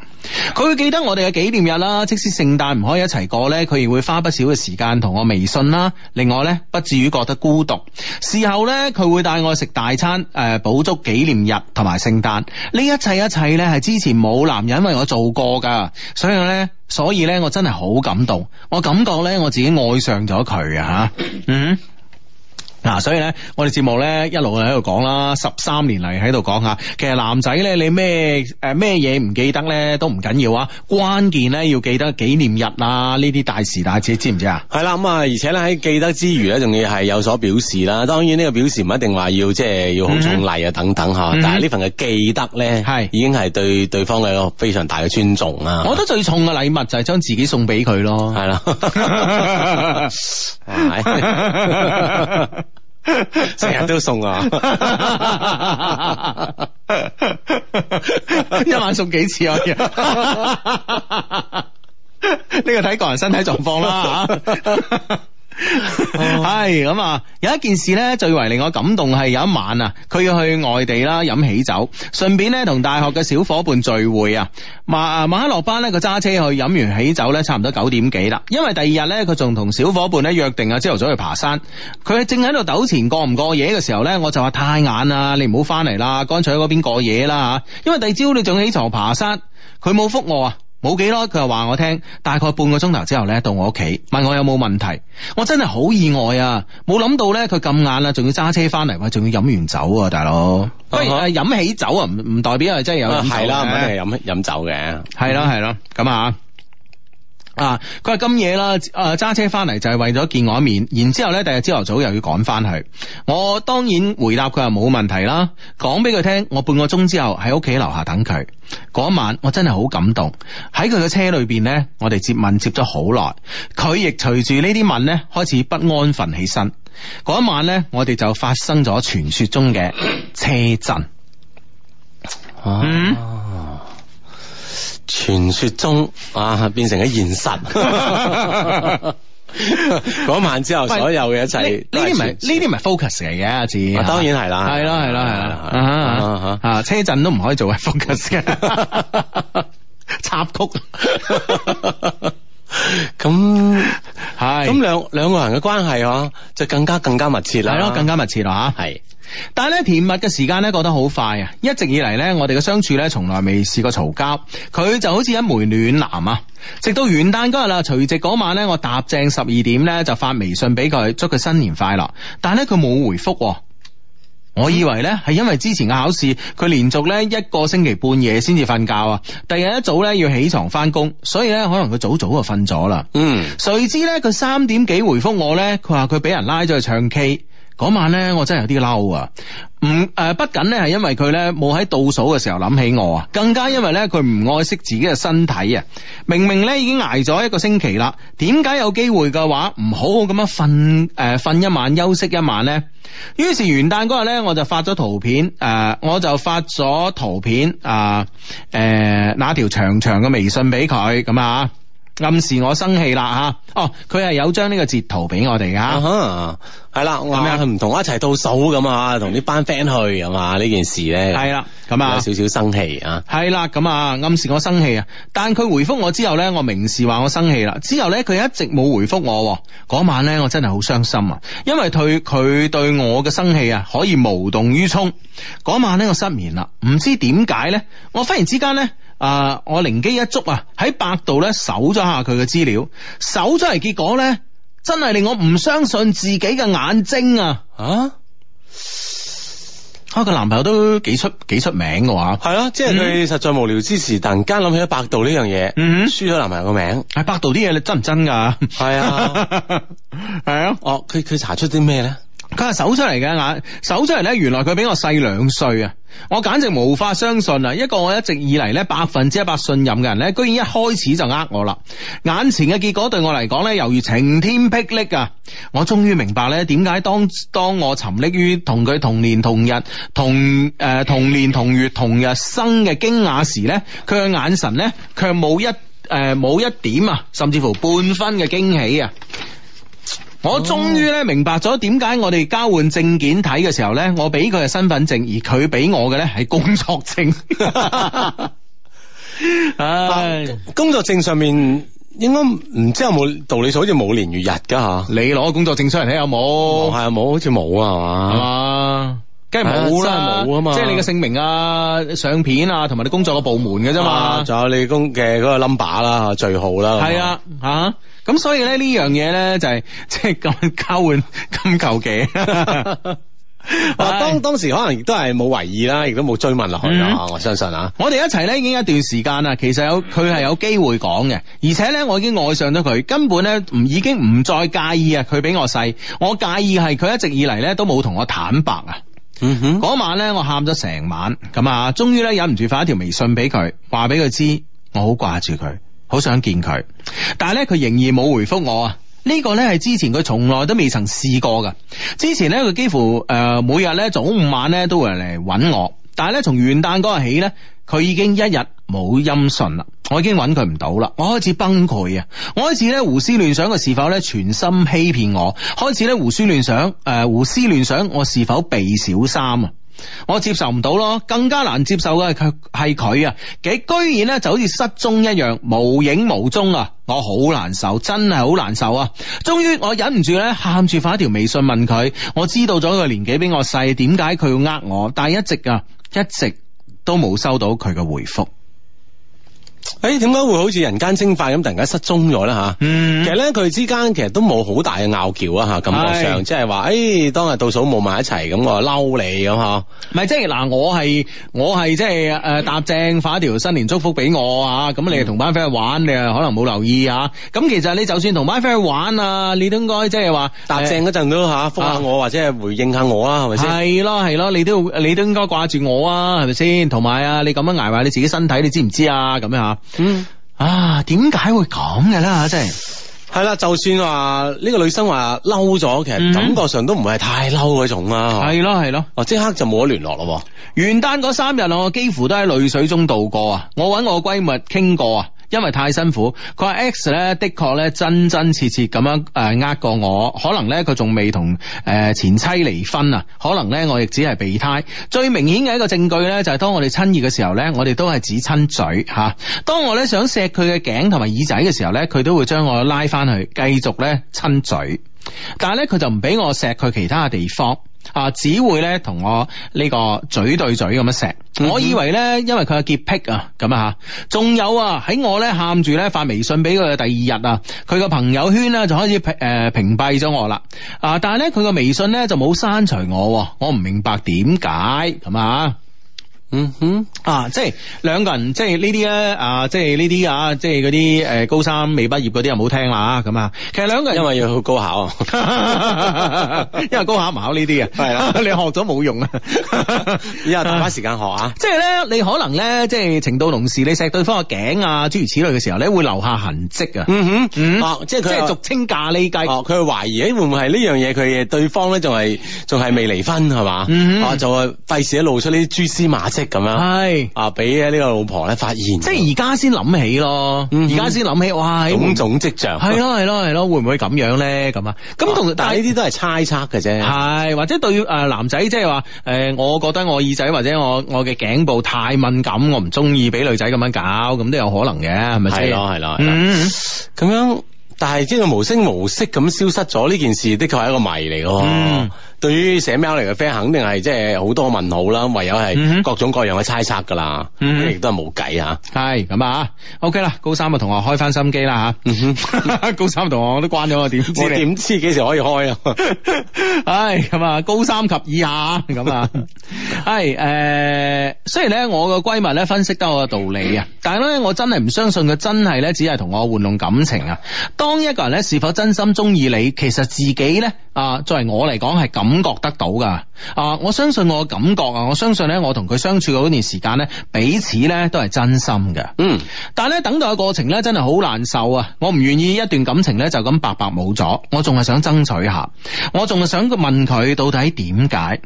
佢會記得我哋嘅紀念日啦，即使聖誕唔可以一齊過呢，佢亦會花不少嘅時間同我微信啦。令我呢，不至於覺得孤獨。事後呢，佢會帶我食大餐，誒、呃，補足紀念日同埋聖誕。呢一切一切呢，係之前冇男人為我做過噶，所以呢，所以咧，我真係好感動。我感覺呢，我自己愛上咗佢啊，嗯。嗱、啊，所以咧，我哋節目咧，一路喺度講啦，十三年嚟，喺度講下，其實男仔咧，你咩誒咩嘢唔記得咧，都唔緊要啊。關鍵咧，要記得紀念日啊，呢啲大事，大家知唔知啊？係啦，咁啊，而且咧，喺記得之餘咧，仲要係有所表示啦。當然呢個表示唔一定話要即係要好重禮啊，等等吓。嗯嗯、但係呢份嘅記得咧，係的已經係對對方嘅一個非常大嘅尊重啊。我覺得最重嘅禮物就係將自己送俾佢咯、嗯。係啦。 成日都送啊！一晚送幾次啊？呢個睇個人身體狀況啦吓。係咁啊！有一件事咧，最為令我感動係有一晚啊，佢要去外地啦，飲喜酒，順便咧同大學嘅小夥伴聚會啊。晚晚黑落班咧，佢揸車去飲完喜酒咧，差唔多九點幾啦。因為第二日咧，佢仲同小夥伴咧約定啊，朝頭早去爬山。佢正喺度抖前過唔過夜嘅時候咧，我就話太晏啦，你唔好翻嚟啦，乾脆喺邊過夜啦吓。因為第二朝你仲起床爬山，佢冇復我啊。冇幾耐，佢又話我聽大概半個鐘頭之後咧，到我屋企，問我有冇問題。我真係好意外啊，冇諗到咧佢咁晏啦，仲要揸車翻嚟，仲要飲完酒啊，大佬 Okay.、啊。不如誒，飲起酒唔唔代表係真係有飲係啦，唔一定係飲飲酒嘅，係咯係咯咁啊。啊！佢話今夜啦，誒、呃、揸車翻嚟就係為咗見我一面，然之後咧，第二朝頭早又要趕翻去。我當然回答佢話冇問題啦，講俾佢聽我半個鐘之後喺屋企樓下等佢。嗰晚我真係好感動，喺佢嘅車裏邊呢，我哋接吻接咗好耐，佢亦隨住呢啲吻呢開始不安分起身。嗰晚呢，我哋就發生咗傳說中嘅車震。啊、嗯。.傳說中啊，變成咗現實。嗰 晚之後，所有嘅一切，呢啲唔係呢啲唔係 focus 嚟嘅，阿志。啊啊、當然係啦，係咯，係咯，係啦。啊，啊、uh huh. 車震都唔可以做係 focus 嘅插曲。咁 係 那，咁兩兩個人嘅關係嗬、啊，就更加更加密切啦。係咯，更加密切啦，係。 但係咧甜蜜嘅時間咧過得好快啊！一直以嚟咧我哋嘅相處咧從來未試過嘈交，佢就好似一枚暖男啊！直到元旦嗰日啦，除夕嗰晚咧我搭正十二點咧就發微信俾佢，祝佢新年快樂。但係咧佢冇回覆啊，我以為咧係因為之前嘅考試，佢連續咧一個星期半夜先至瞓覺啊！第二日一早咧要起床返工，所以咧可能佢早早就瞓咗啦。嗯，誰知咧佢三點幾回覆我咧，佢話佢俾人拉咗去唱 K。嗰晚呢，我真係有啲嬲啊！唔，誒，不僅呢，係因為佢呢冇喺倒數嘅時候諗起我，啊，更加因為呢，佢唔愛惜自己嘅身體啊！明明呢已經捱咗一個星期啦，點解有機會嘅話唔好好咁樣瞓誒瞓一晚休息一晚呢？於是元旦嗰日呢，我就發咗圖片誒，我就發咗圖片啊誒，那條長長嘅微信俾佢咁啊！暗示我生氣啦吓，哦，佢係有張呢個截圖俾我哋噶，係啦、啊，咁樣佢唔同我一齊倒數咁啊，同呢班 friend 去咁嘛。呢件事咧係啦，咁啊有少少生氣啊，係啦，咁啊暗示我生氣啊，但佢回覆我之後咧，我明示話我生氣啦，之後咧佢一直冇回覆我，嗰晚咧我真係好傷心啊，因為佢佢對我嘅生氣啊可以無動於衷，嗰晚咧我失眠啦，唔知點解咧，我忽然之間咧。啊！Uh, 我靈機一觸啊，喺百度咧搜咗下佢嘅資料，搜咗嚟，結果咧，真係令我唔相信自己嘅眼睛啊！啊，啊個男朋友都幾出幾出名嘅喎，係咯、啊，即係佢實在無聊之時，突然間諗起咗百度呢樣嘢，嗯哼，輸咗男朋友個名，係百度啲嘢你真唔真㗎？係啊，係 啊，哦、 啊，佢佢、啊、查出啲咩咧？佢係搜出嚟嘅眼，搜出嚟咧，原來佢比我細兩歲啊！我簡直無法相信啊！一個我一直以嚟咧百分之一百信任嘅人咧，居然一開始就呃我啦！眼前嘅結果對我嚟講咧，猶如晴天霹靂啊！我終於明白咧，點解當當我沉溺於同佢同年同日同誒、呃、同年同月同日生嘅驚訝時咧，佢嘅眼神咧，卻冇一誒冇一點啊，甚至乎半分嘅驚喜啊！我終於咧明白咗點解我哋交換證件睇嘅時候咧，我俾佢嘅身份證，而佢俾我嘅咧係工作證。唉、 哎，工作證上面應該唔知有冇道理數好，好似冇年月日噶吓。你攞工作證出嚟睇有冇？係啊冇，好似冇啊嘛？係嘛？梗係冇啦，冇啊嘛。即係你嘅姓名啊、相片啊，同埋你工作嘅部門嘅啫嘛。仲有你工嘅嗰個 number 啦，最好啦。係啊，吓咁、啊，啊啊、所以咧呢樣嘢咧就係、是、即係咁交換咁求其。嗱 是，當當時可能亦都係冇懷疑啦，亦都冇追問落去。嗯、我相信啊，我哋一齊咧已經一段時間啦。其實有佢係有機會講嘅，而且咧我已經愛上咗佢，根本咧唔已經唔再介意啊。佢比我細，我介意係佢一直以嚟咧都冇同我坦白啊。嗯哼，嗰 晚咧我喊咗成晚，咁啊，終於咧忍唔住發一條微信俾佢，話俾佢知我好掛住佢，好想見佢，但係咧佢仍然冇回復我啊！呢個咧係之前佢從來都未曾試過噶，之前咧佢幾乎誒每日咧早午晚咧都會嚟搵我，但係咧從元旦嗰日起咧。佢已經一日冇音訊啦，我已經揾佢唔到啦，我開始崩潰啊！我開始咧胡思亂想佢是否咧全心欺騙我，開始咧胡思亂想，誒、呃、胡思亂想我是否被小三啊？我接受唔到咯，更加難接受嘅係佢啊！佢居然咧就好似失蹤一樣，無影無蹤啊！我好難受，真係好難受啊！終於我忍唔住咧，喊住發一條微信問佢，我知道咗佢年紀比我細，點解佢要呃我？但係一直啊，一直。都冇收到佢嘅回覆。誒，點解會好似人間蒸發咁突然間失蹤咗咧吓？嗯，其實咧佢之間其實都冇好大嘅拗撬啊吓，感覺上即係話，誒對、哎，當日倒數冇埋一齊咁，嗯、我嬲你咁嗬？唔係、嗯，即係嗱，我係我係即係誒，搭正發一條新年祝福俾我啊，咁你同班 friend 玩，你又可能冇留意啊。咁其實你就算同班 friend 玩啊，你都應該即係話搭正嗰陣都吓，覆下我或者係回應下我啊，係咪先？係咯係咯，你都你都應該掛住我啊，係咪先？同埋啊，你咁樣挨壞你自己身體，你知唔知啊？咁樣嗯啊，點解會咁嘅咧？真係係啦，就算話呢個女生話嬲咗，其實感覺上都唔係太嬲嗰種啊。係咯，係咯，哦、啊、即刻就冇咗聯絡咯。元旦嗰三日我幾乎都喺淚水中度過啊。我揾我閨蜜傾過啊。因為太辛苦，佢話 X 咧的確咧真真切切咁樣誒呃過我，可能咧佢仲未同誒前妻離婚啊，可能咧我亦只係備胎。最明顯嘅一個證據咧就係當我哋親熱嘅時候咧，我哋都係只親嘴吓、啊。當我咧想錫佢嘅頸同埋耳仔嘅時候咧，佢都會將我拉翻去繼續咧親嘴，但係咧佢就唔俾我錫佢其他嘅地方。啊，只會咧同我呢個嘴對嘴咁樣錫。我以為咧，因為佢嘅潔癖啊，咁啊。仲有啊，喺我咧喊住咧發微信俾佢嘅第二日啊，佢個朋友圈咧就開始誒屏、呃、屏蔽咗我啦。啊，但係咧佢個微信咧就冇刪除我、啊，我唔明白點解咁啊。嗯哼啊，即係兩個人，即係呢啲咧啊，即係呢啲啊，即係嗰啲誒高三未畢業嗰啲又唔好聽啦咁啊。其實兩個人因為要考高考，因為高考唔考呢啲啊。係啊，你學咗冇用啊，以後大把時間學啊。即係咧，你可能咧，即係情到濃時，你錫對方個頸啊，諸如此類嘅時候咧，會留下痕跡啊。嗯哼，啊，即係即係俗稱咖喱雞，佢懷疑咧會唔會係呢樣嘢？佢對方咧仲係仲係未離婚係嘛？啊，就費事咧露出呢啲蛛絲馬跡。咁樣係啊，俾呢個老婆咧發現，即係而家先諗起咯，起咯、嗯哼哎，而家先諗起，哇，種種跡象、嗯，係咯係咯係咯，會唔會咁樣咧？咁啊，咁同但係呢啲都係猜測嘅啫，係或者對誒男仔即係話誒，我覺得我耳仔或者我我嘅頸部太敏感，我唔中意俾女仔咁樣搞，咁都有可能嘅，係咪先？係咯係咯，嗯，咁樣，但係即係無聲無息咁消失咗呢件事，的確係一個謎嚟嘅。哦哦。對於寫 mail 嚟嘅 friend，肯定係即係好多問號啦，唯有係各種各樣嘅猜測噶啦，亦、mm hmm. 都係冇計吓。係咁啊，OK 啦，高三嘅同學開翻心機啦吓。 高三同學我都關咗我點也，知點知幾時可以開啊？唉，咁啊，高三及以下。咁啊，係誒、 呃，雖然咧我嘅閨蜜咧分析得我嘅道理啊，但係咧我真係唔相信佢真係咧只係同我玩弄感情啊。當一個人咧是否真心中意你，其實自己咧啊，作為我嚟講係咁。感覺得到噶啊！我相信我嘅感覺啊，我相信咧，我同佢相處嘅嗰段時間咧，彼此咧都係真心嘅。嗯，但係咧，等待嘅過程咧，真係好難受啊！我唔願意一段感情咧就咁白白冇咗，我仲係想爭取下，我仲係想問佢到底點解？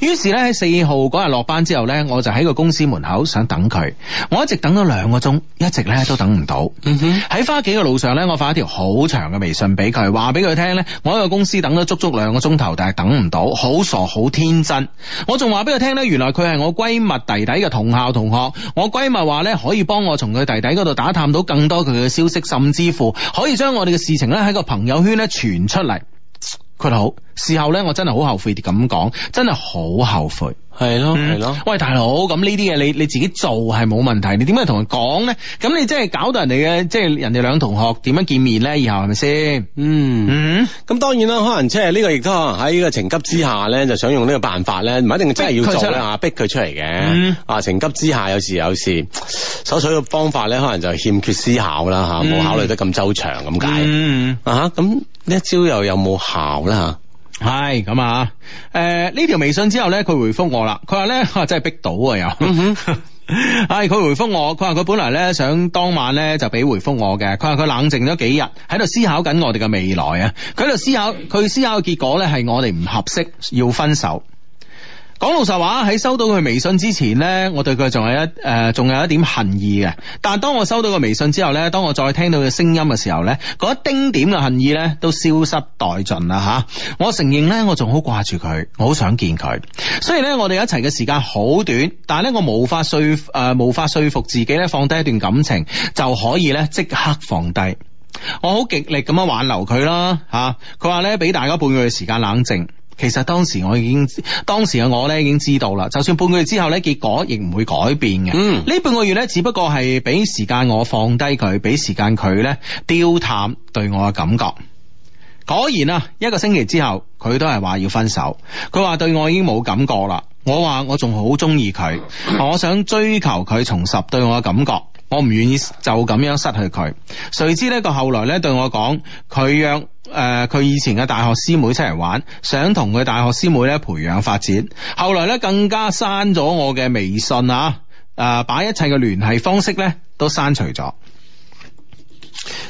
於是咧，喺四號嗰日落班之後呢，我就喺個公司門口想等佢，我一直等咗兩個鐘，一直咧都等唔到。嗯哼，喺翻屋企嘅路上呢，我發一條好長嘅微信俾佢，話俾佢聽呢，我喺個公司等咗足足兩個鐘頭，但係等唔到，好傻，好天真。我仲話俾佢聽呢，原來佢係我閨蜜弟弟嘅同校同學。我閨蜜話呢，可以幫我從佢弟弟嗰度打探到更多佢嘅消息，甚至乎可以將我哋嘅事情呢喺個朋友圈咧傳出嚟。佢好。事後咧，我真係好後悔咁講，真係好後悔。係咯，係咯、嗯。喂，大佬，咁呢啲嘢你你自己做係冇問題，你點解同佢講咧？咁你真係搞到人哋嘅，即係人哋兩同學點樣見面咧？以後係咪先？嗯嗯，咁、嗯、當然啦，可能即係呢個亦都可能喺呢個情急之下咧，嗯、就想用呢個辦法咧，唔一定真係要做啦，逼佢出嚟嘅。嗯、啊，情急之下有時有時所取嘅方法咧，可能就欠缺思考啦吓，冇、嗯、考慮得咁周詳咁解。嗯，嗯啊吓，咁呢一招又有冇效咧吓？係咁啊，誒、呃、呢條微信之後呢，佢回覆我啦。佢話呢，啊、真係逼到啊又，係 佢、哎、回覆我，佢話佢本來呢，想當晚呢就俾回覆我嘅。佢話佢冷靜咗幾日，喺度思考緊我哋嘅未來啊。佢喺度思考，佢思考嘅結果呢，係我哋唔合適，要分手。講老實話，喺收到佢微信之前呢，我對佢仲係一誒，仲、呃、有一點恨意嘅。但係當我收到個微信之後呢，當我再聽到佢聲音嘅時候呢，嗰一丁點嘅恨意呢都消失殆盡啦，吓。我承認我、我呢，我仲好掛住佢，我好想見佢。雖然呢，我哋一齊嘅時間好短，但係呢，我無法說誒、呃，無法說服自己呢，放低一段感情就可以呢，即刻放低。我好極力咁樣挽留佢啦，吓。佢話呢，俾大家半個月時間冷靜。其實當時我已經，當時嘅我咧已經知道啦，就算半個月之後呢，結果亦唔會改變嘅。嗯，呢半個月呢，只不過係俾時間我放低佢，俾時間佢呢丟淡對我嘅感覺。果然啊，一個星期之後，佢都係話要分手。佢話對我已經冇感覺啦。我話我仲好中意佢，我想追求佢重拾對我嘅感覺。我唔願意就咁樣失去佢，誰知呢個後來呢，對我講，佢約誒佢以前嘅大學師妹出嚟玩，想同佢大學師妹呢培養發展，後來呢，更加刪咗我嘅微信啊，誒把一切嘅聯繫方式呢都刪除咗。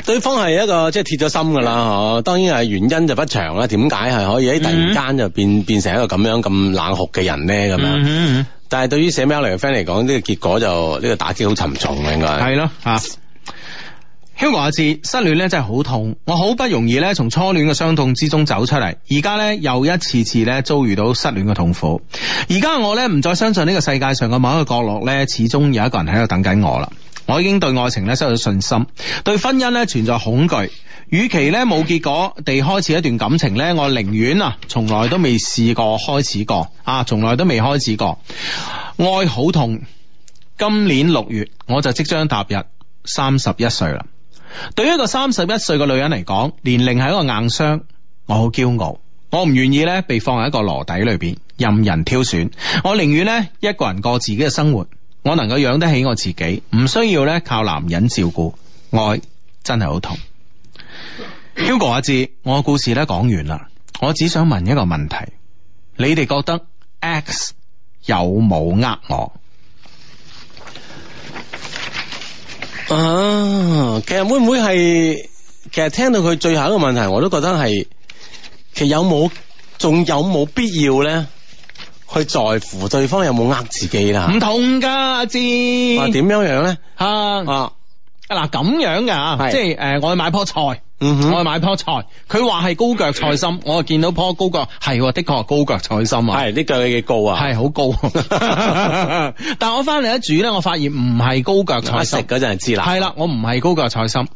對方係一個即係鐵咗心噶啦，嗬，當然係原因就不長啦。點解係可以喺突然間就變，mm hmm. 變成一個咁樣咁冷酷嘅人呢？咁樣，mm。Hmm. 但係對於寫 mail 嚟嘅 friend 嚟講，呢、這個結果就呢、這個打擊好沉重嘅，應該係咯吓。Hugo 阿志，失戀咧真係好痛，我好不容易咧從初戀嘅傷痛之中走出嚟，而家咧又一次次咧遭遇到失戀嘅痛苦，而家我咧唔再相信呢個世界上嘅某一個角落咧，始終有一個人喺度等緊我啦。我已經對愛情咧失去咗信心，對婚姻咧存在恐懼。與其咧冇結果地開始一段感情咧，我寧願啊從來都未試過開始過，啊從來都未開始過。愛好痛。今年六月我就即將踏入三十一歲啦。對於一個三十一歲嘅女人嚟講，年齡係一個硬傷。我好驕傲，我唔願意咧被放喺一個籮底裏邊任人挑選。我寧願咧一個人過自己嘅生活。我能夠養得起我自己，唔需要咧靠男人照顧。愛真係好痛。 Hugo 阿志，我故事咧講完啦，我只想問一個問題：你哋覺得 X 有冇呃我？啊，其實會唔會係？其實聽到佢最後一個問題，我都覺得係，其實有冇仲有冇必要咧？去在乎對方有冇呃自己啦，唔同噶阿志，話點樣樣咧？吓啊！嗱咁樣噶啊，即係誒、呃、我去買棵菜。嗯哼，我買棵菜，佢話係高腳菜心，我就見到棵高腳係的確係高腳菜心啊！係啲腳幾高啊？係好高，啊， 但我翻嚟一煮咧，我發現唔係高腳菜心。食嗰陣知啦，係啦，我唔係高腳菜心。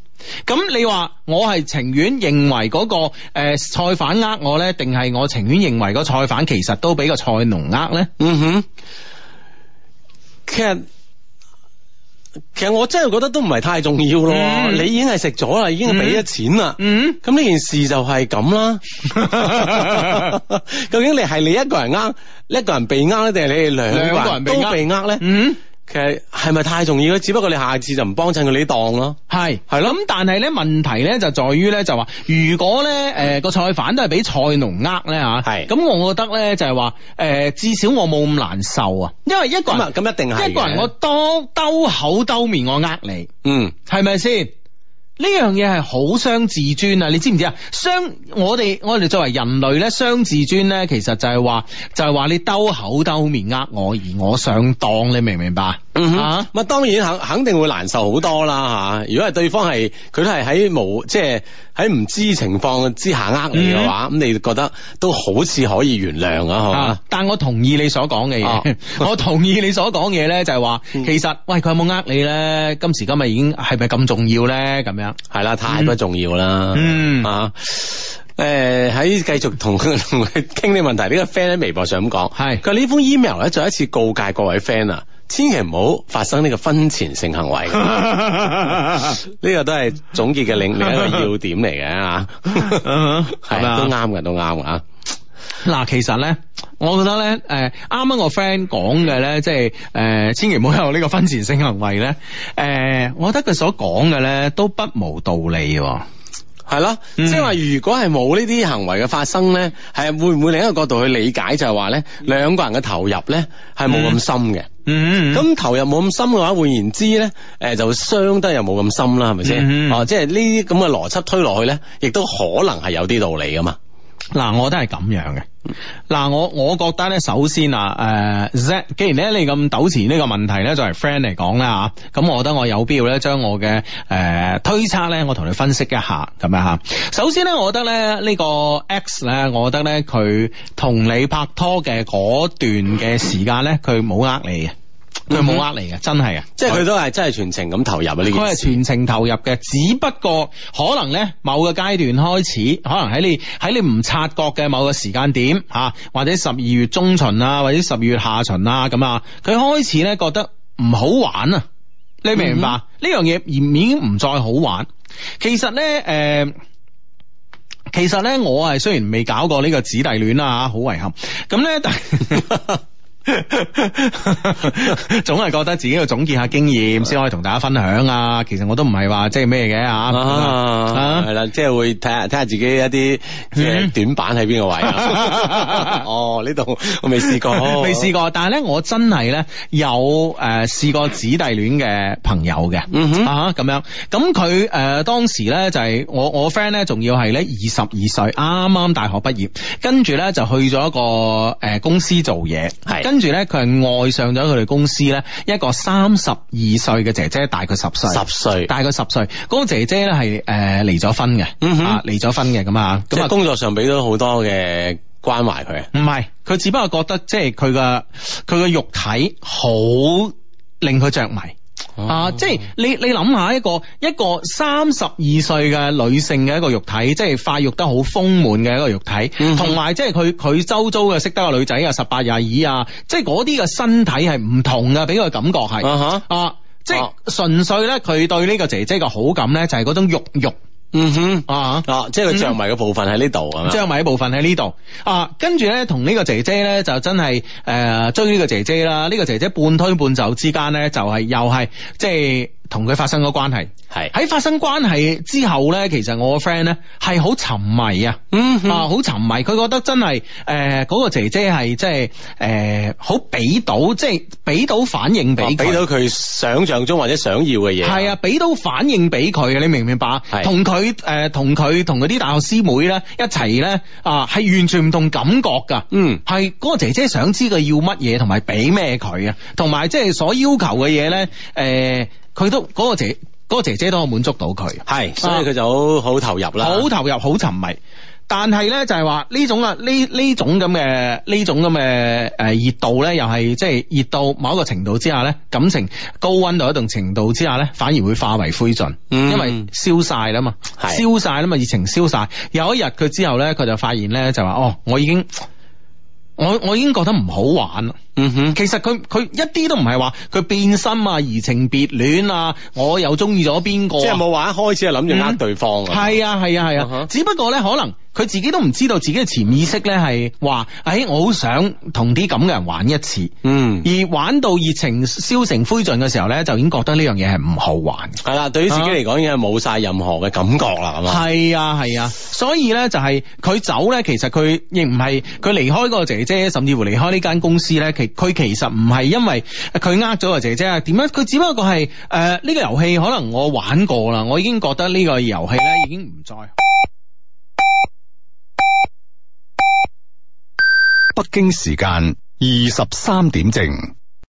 咁你話我係情願認為嗰，那個誒、嗯、呃、菜販呃我咧，定係我情願認為個菜販其實都俾個菜農呃咧？嗯哼，其實。其實我真係覺得都唔係太重要咯，嗯，你已經係食咗啦，已經係俾咗錢啦，嗯，咁呢件事就係咁啦。 究竟你係你一個人呃，你一個人被呃咧，定係你哋兩個人都被呃咧？嗯。其實係咪太重要咧？只不過你下次就唔幫襯佢啲檔咯。係係咯，咁的但係咧問題咧就在於咧就話，如果咧誒個菜販都係俾菜農呃咧吓，係咁、嗯、我覺得咧就係話誒至少我冇咁難受啊，因為一個人咁咁一定係一個人我兜兜口兜面我呃你，嗯係咪先？是呢樣嘢係好傷自尊啊！你知唔知啊？傷我哋我哋作為人類咧，傷自尊咧，其實就係話就係話你兜口兜面呃我，而我上當，你明唔明白？ 嗯，吓，咁啊，當然肯肯定會難受好多啦吓。如果係對方係佢都係喺無即係喺唔知情況之下呃你嘅話，咁、嗯、你覺得都好似可以原諒啊？但我同意你所講嘅嘢，啊、 我同意你所講嘢咧，就係話其實喂佢有冇呃你咧？今時今日已經係咪咁重要咧？咁樣係啦，太不重要啦。嗯啊，誒、欸，喺繼續同同佢傾呢問題。呢、這個 friend 喺微博上咁講，係佢呢封 email 咧，再一次告誡各位 friend 啊。千祈唔好發生呢個婚前性行為，呢個都係總結嘅另另一個要點嚟嘅啊，係啊 是，都啱嘅，都啱嘅啊。嗱，其實咧，我覺得咧，誒，啱啱我 friend 講嘅咧，即係誒，千祈唔好有呢個婚前性行為咧，誒、呃，我覺得佢所講嘅咧，都不無道理。係咯，即係話如果係冇呢啲行為嘅發生咧，係會唔會另一個角度去理解就係話咧，兩個人嘅投入咧係冇咁深嘅，嗯，嗯，咁，嗯嗯，投入冇咁深嘅話，換言之咧，誒就傷得又冇咁深啦，係咪先？哦，嗯嗯嗯啊，即係呢啲咁嘅邏輯推落去咧，亦都可能係有啲道理㗎嘛。嗱，我都係咁樣嘅。嗱，我我覺得呢，首先啊，誒、呃，Z, 既然咧你咁糾纏呢個問題呢，作為 friend 嚟講啦吓，咁我覺得我有必要呢，將、呃、我嘅誒推測呢，我同你分析一下咁樣吓。首先呢，我覺得呢，呢個 X 呢，我覺得呢，佢同你拍拖嘅嗰段嘅時間呢，佢冇呃你佢冇呃你嘅，真係啊。即係佢都係真係全程咁投入啊！呢個佢係全程投入嘅，只不過可能呢，某個階段開始，可能喺你喺你唔察覺嘅某個時間點啊，或者十二月中旬啊，或者十二月下旬啊咁啊，佢開始呢，覺得唔好玩啊！你明唔明白？呢、嗯、樣嘢已經唔再好玩。其實呢，誒、呃，其實呢，我係雖然未搞過呢個子弟戀啊，好遺憾。咁呢。但。 總係覺得自己要總結下經驗先可以同大家分享啊！其實我都唔係話即係咩嘅吓，係啦，即係會睇下睇下自己一啲短板喺邊個位啊！ 哦，呢度我未試過，未試 過。但係咧，我真係咧有誒試過子弟戀嘅朋友嘅，嗯、哼啊咁樣。咁佢誒當時咧就係、是、我我 friend 咧仲要係咧二十二歲啱啱大學畢業，跟住咧就去咗一個誒公司做嘢，係。跟住咧，佢係愛上咗佢哋公司咧一個三十二歲嘅姐姐，大佢十歲，十歲大佢十歲。嗰個姐姐咧係誒離咗婚嘅，嗯哼，離咗婚嘅咁啊。即係工作上俾咗好多嘅關懷佢。唔係，嗯，佢只不過覺得即係佢個佢個肉體好令佢着迷。啊！Uh huh. 即係你你諗下一個一個三十二歲嘅女性嘅一個肉體，即係發育得好豐滿嘅一個肉體，同埋、uh huh. 即係佢佢周遭嘅識得個女仔啊，十八廿二啊，即係嗰啲嘅身體係唔同㗎，俾佢感覺係啊，uh huh. uh, 即係純粹咧，佢對呢個姐姐嘅好感咧，就係嗰種肉肉。嗯哼啊啊，啊即係個着迷嘅部分喺呢度，啊，嘛？着迷嘅部分喺呢度啊，跟住咧同呢個姐姐咧就真係誒，追、呃、呢個姐姐啦，呢、這個姐姐半推半就之間咧就係又係即係。同佢發生咗關係，係喺是發生關係之後咧，其實我個 friend 咧係好沉迷啊，嗯啊好沉迷，佢、嗯哼啊、覺得真係誒嗰個姐姐係即係誒好俾到，即係俾到反應俾佢，俾、啊、到佢想象中或者想要嘅嘢，啊，係啊俾到反應俾佢，你明唔明白啊？同佢誒同佢同嗰啲大學師妹咧一齊咧啊係完全唔同感覺噶，嗯係嗰個姐姐想知佢要乜嘢同埋俾咩佢啊，同埋即係所要求嘅嘢咧誒。呃呃呃呃呃呃呃佢都嗰個姐嗰個姐姐都可以滿足到佢，係， 所以佢就好投入啦，好 投入，好沉迷。但係咧，就係話呢種啊，呢呢種咁嘅呢種咁嘅誒熱度咧，又係即係熱到某一個程度之下咧，感情高溫到一定程度之下咧，反而會化為灰燼，因為燒晒啦嘛，的燒晒啦嘛，熱情燒晒。有一日佢之後咧，佢就發現咧，就話：哦，我已經我我已經覺得唔好玩。嗯哼，其實佢佢一啲都唔係話佢變心啊，移情別戀啊，我又中意咗邊個？即係冇話一開始係諗住呃對方嘅。係啊係啊係啊，只不過咧可能佢自己都唔知道自己嘅潛意識咧係話，誒、哎、我好想同啲咁嘅人玩一次。嗯，而玩到熱情燒成灰燼嘅時候咧，就已經覺得呢樣嘢係唔好玩。係啦、啊，對於自己嚟講已經係冇晒任何嘅感覺啦，係嘛、嗯哼？係啊係啊，啊，所以咧就係佢走咧，其實佢亦唔係佢離開個姐、姐姐，甚至乎離開呢間公司咧，佢其實唔係因為佢呃咗個姐姐啊，點樣？佢只不過係誒呢個遊戲，可能我玩過啦，我已經覺得呢個遊戲呢已經唔再。北京時間二十三點正。